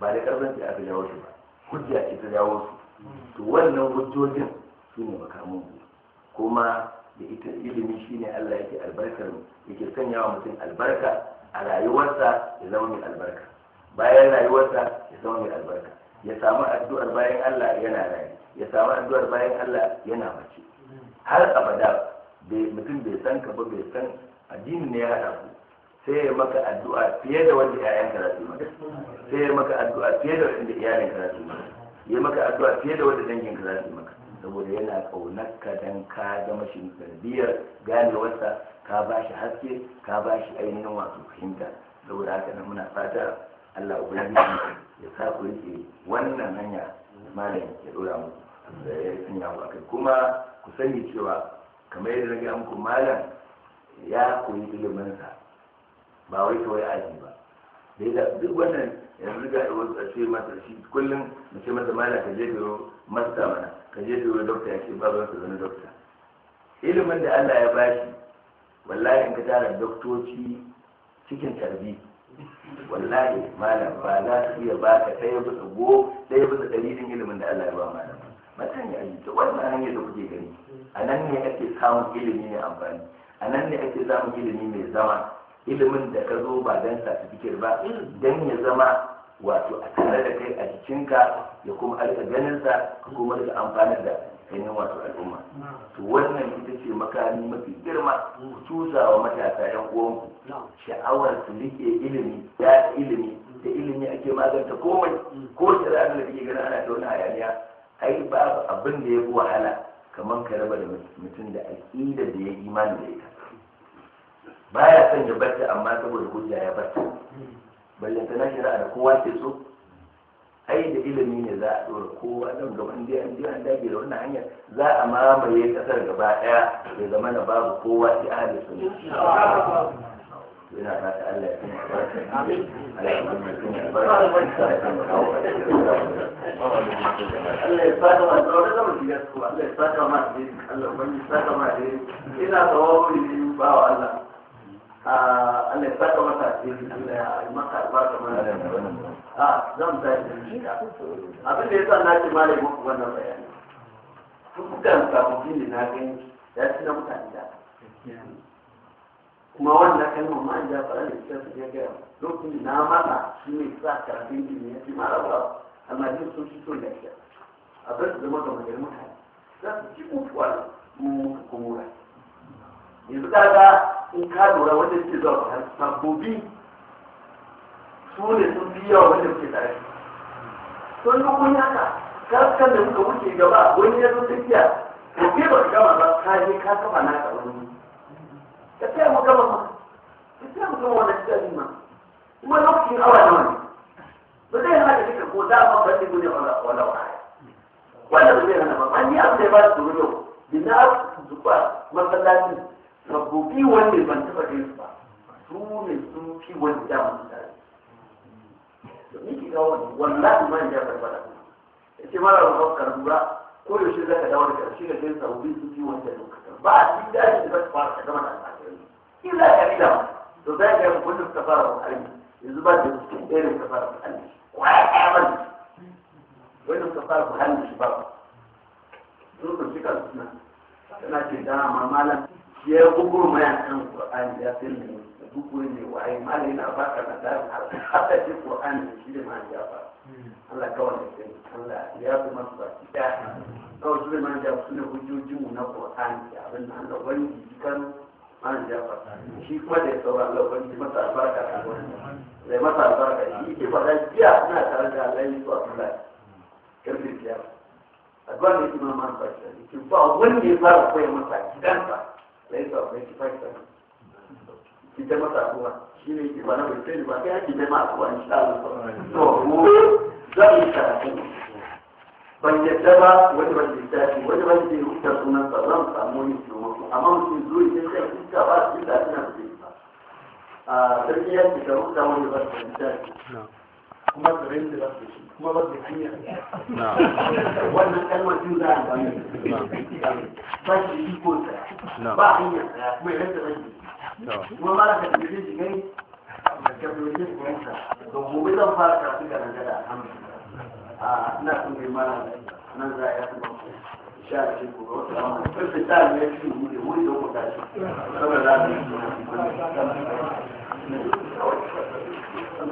ba da karfin sai aka jawo su ba hujja ita jawo su to wannan hujjojin su ne ku kuma da ita ilimi shine Allah yake albarkar yake sanya wa mutum albarka a rayuwarsa ya zama mai albarka bayan rayuwarsa ya zama mai albarka ya samu addu'ar bayan Allah yana rayuwa. ya samu addu'ar bayan Allah yana mace har abada mutum bai san ka ba bai san addini ne ya haɗa ku sai ya maka addu'a fiye da wanda iyayen ka za su maka sai ya maka addu'a fiye da wanda iyayen ka za su maka ya maka addu'a fiye da wanda dangin ka za su maka saboda yana kaunar ka dan ka zama shi tarbiyyar ganewarsa ka ba shi haske ka ba shi ainihin wato fahimta saboda haka nan muna fata Allah ubangiji ya sa ku rike wannan hanya malam ya dora muku da ya sanya ku kai, kuma ku sani cewa kamar yadda na gaya muku malam ya koyi iliminsa ba wai kawai aji ba dai da duk wannan ya riga da wasu a ce masa shi kullum mu ce masa malam ka je ka masta mana ka je ka dokta ya ce ba ban su zama dokta ilimin da Allah ya bashi wallahi in ka tara doktoci cikin tarbi wallahi malam ba za su iya baka ɗaya bisa go ɗaya bisa dalilin ilimin da Allah ya ba malam mata ne ayi da wannan hanyar da kuke gani a nan ne ake samun ilimi mai amfani a nan ne ake samun ilimi mai zama ilimin da ka zo ba don satifikir ba don ya zama wato a tare da kai a jikinka ya kuma alka ganinsa ka kuma rika amfani da ainihin wato al'umma to wannan ita ce makami mafi girma ku tusa wa matasa yan uwanku sha'awar su rike ilimi ya ilimi da ilimi ake maganta komai ko shari'a da kake ganin ana ta wani hayaniya ai babu abin da ya wahala kamar ka raba da mutum da aƙida da ya imani da ita baya son ya barta amma saboda hujja ya barta ta nashi shari'a da kowa ke so ai da ilimi ne za a ɗora kowa don ga wani an ji an dage da wannan hanyar za a mamaye kasar gaba ɗaya ya zama babu kowa sai ahalin ina ba ta Allah ya kuma barka amin Allah ya saka ma tsawon da mutum ya su Allah ya saka ma da Allah ya saka ma da ina tsawo ne ba wa Allah ah, Allah ya saka masa asiri Allah ya yi maka albarka mana da a ah, zan ta yi da abin da ya sa na ce malai muku wannan bayani dukkan samun fili na gani ya ci na mutane da kuma wannan kalmar ma ja fara da ita su ya gaya lokacin na mata shi ne sa karfin jini ya fi mara ba amma jin sun shi so da shi a bar su zama kamar yar mutane za su ci mutuwa mu muka kumura yanzu ka ga in ka lura wanda suke zuwa ba sabobi su ne sun fi yawa wanda suke tare sun yi kun yaka kaskan da muka wuce gaba wani ya zo tafiya ko ke ba su gama ba ka je ka kafa naka wani ka taya mu gama ma ka taya wani gama wannan tsari ma kuma lokacin awa nawa ne ba zai hana kika ko da ma ba sai gode wala wala wala wanda ba zai hana ba an ni abu da ya ba su yau dina zuba masallaci rabbubi wanda ban taba jin ba su ne sun fi wani damar tsari domin ki ga wani wallahi man ba barbara ya ce mara ruwa ka lura ko yaushe za ka dawo da karshe da jinsa wuri su fi wani da lokacin ba a cikin daji da ba ta fara ka gama da kila kalilan to za ka yi gudun kafara bukari yanzu ba da cikin irin kafara bukari kwaya ɗaya ba ne gudun kafara bukari shi ba ba sun ku shi kalsuna tana ce dama malam shi ya gugu mayan kan ƙwa'ani ya fi ne da gugu ne waye malam yana ba ka labarin haka shi ƙwa'ani da shi da ma ya ba Allah kawai da kai Allah ya fi masu su na ƙwa'ani da abin da Allah wani an jafa shi kuma da ya sauran lokacin masa albarka a wani zai masa albarka shi ke faɗa jiya suna tare da Allah yi su Abdullahi karfin jiya addu'a ne kuma man fashe ne kin ba wanda ya fara koyar masa gidansa lai su Abdullahi ki fashe ki ta masa addu'a shi ne ki bana bai sani ba kai ake mai ma addu'a insha Allah to mu za mu karatu ban yadda ba wani wanda ya tashi wani wanda ya rubuta sunansa zan samu ne amma mutum zuwa ya shan ta ba su da suna da iska a sarki ya ce kamar da wani ba su da kuma da su da ba su shi kuma ba su hanya wannan kalmar jin za a amfani ba shi yi ko ta ba hanya tsaya kuma ya rinda rashi kuma mara ka tafi shi gai da kafin shi ta to gobe zan fara karatu ga nan gada a hannun a ina son bai mara nan za a yi já circulou, é né, não, mas foi citar mesmo que o muito Na verdade, né?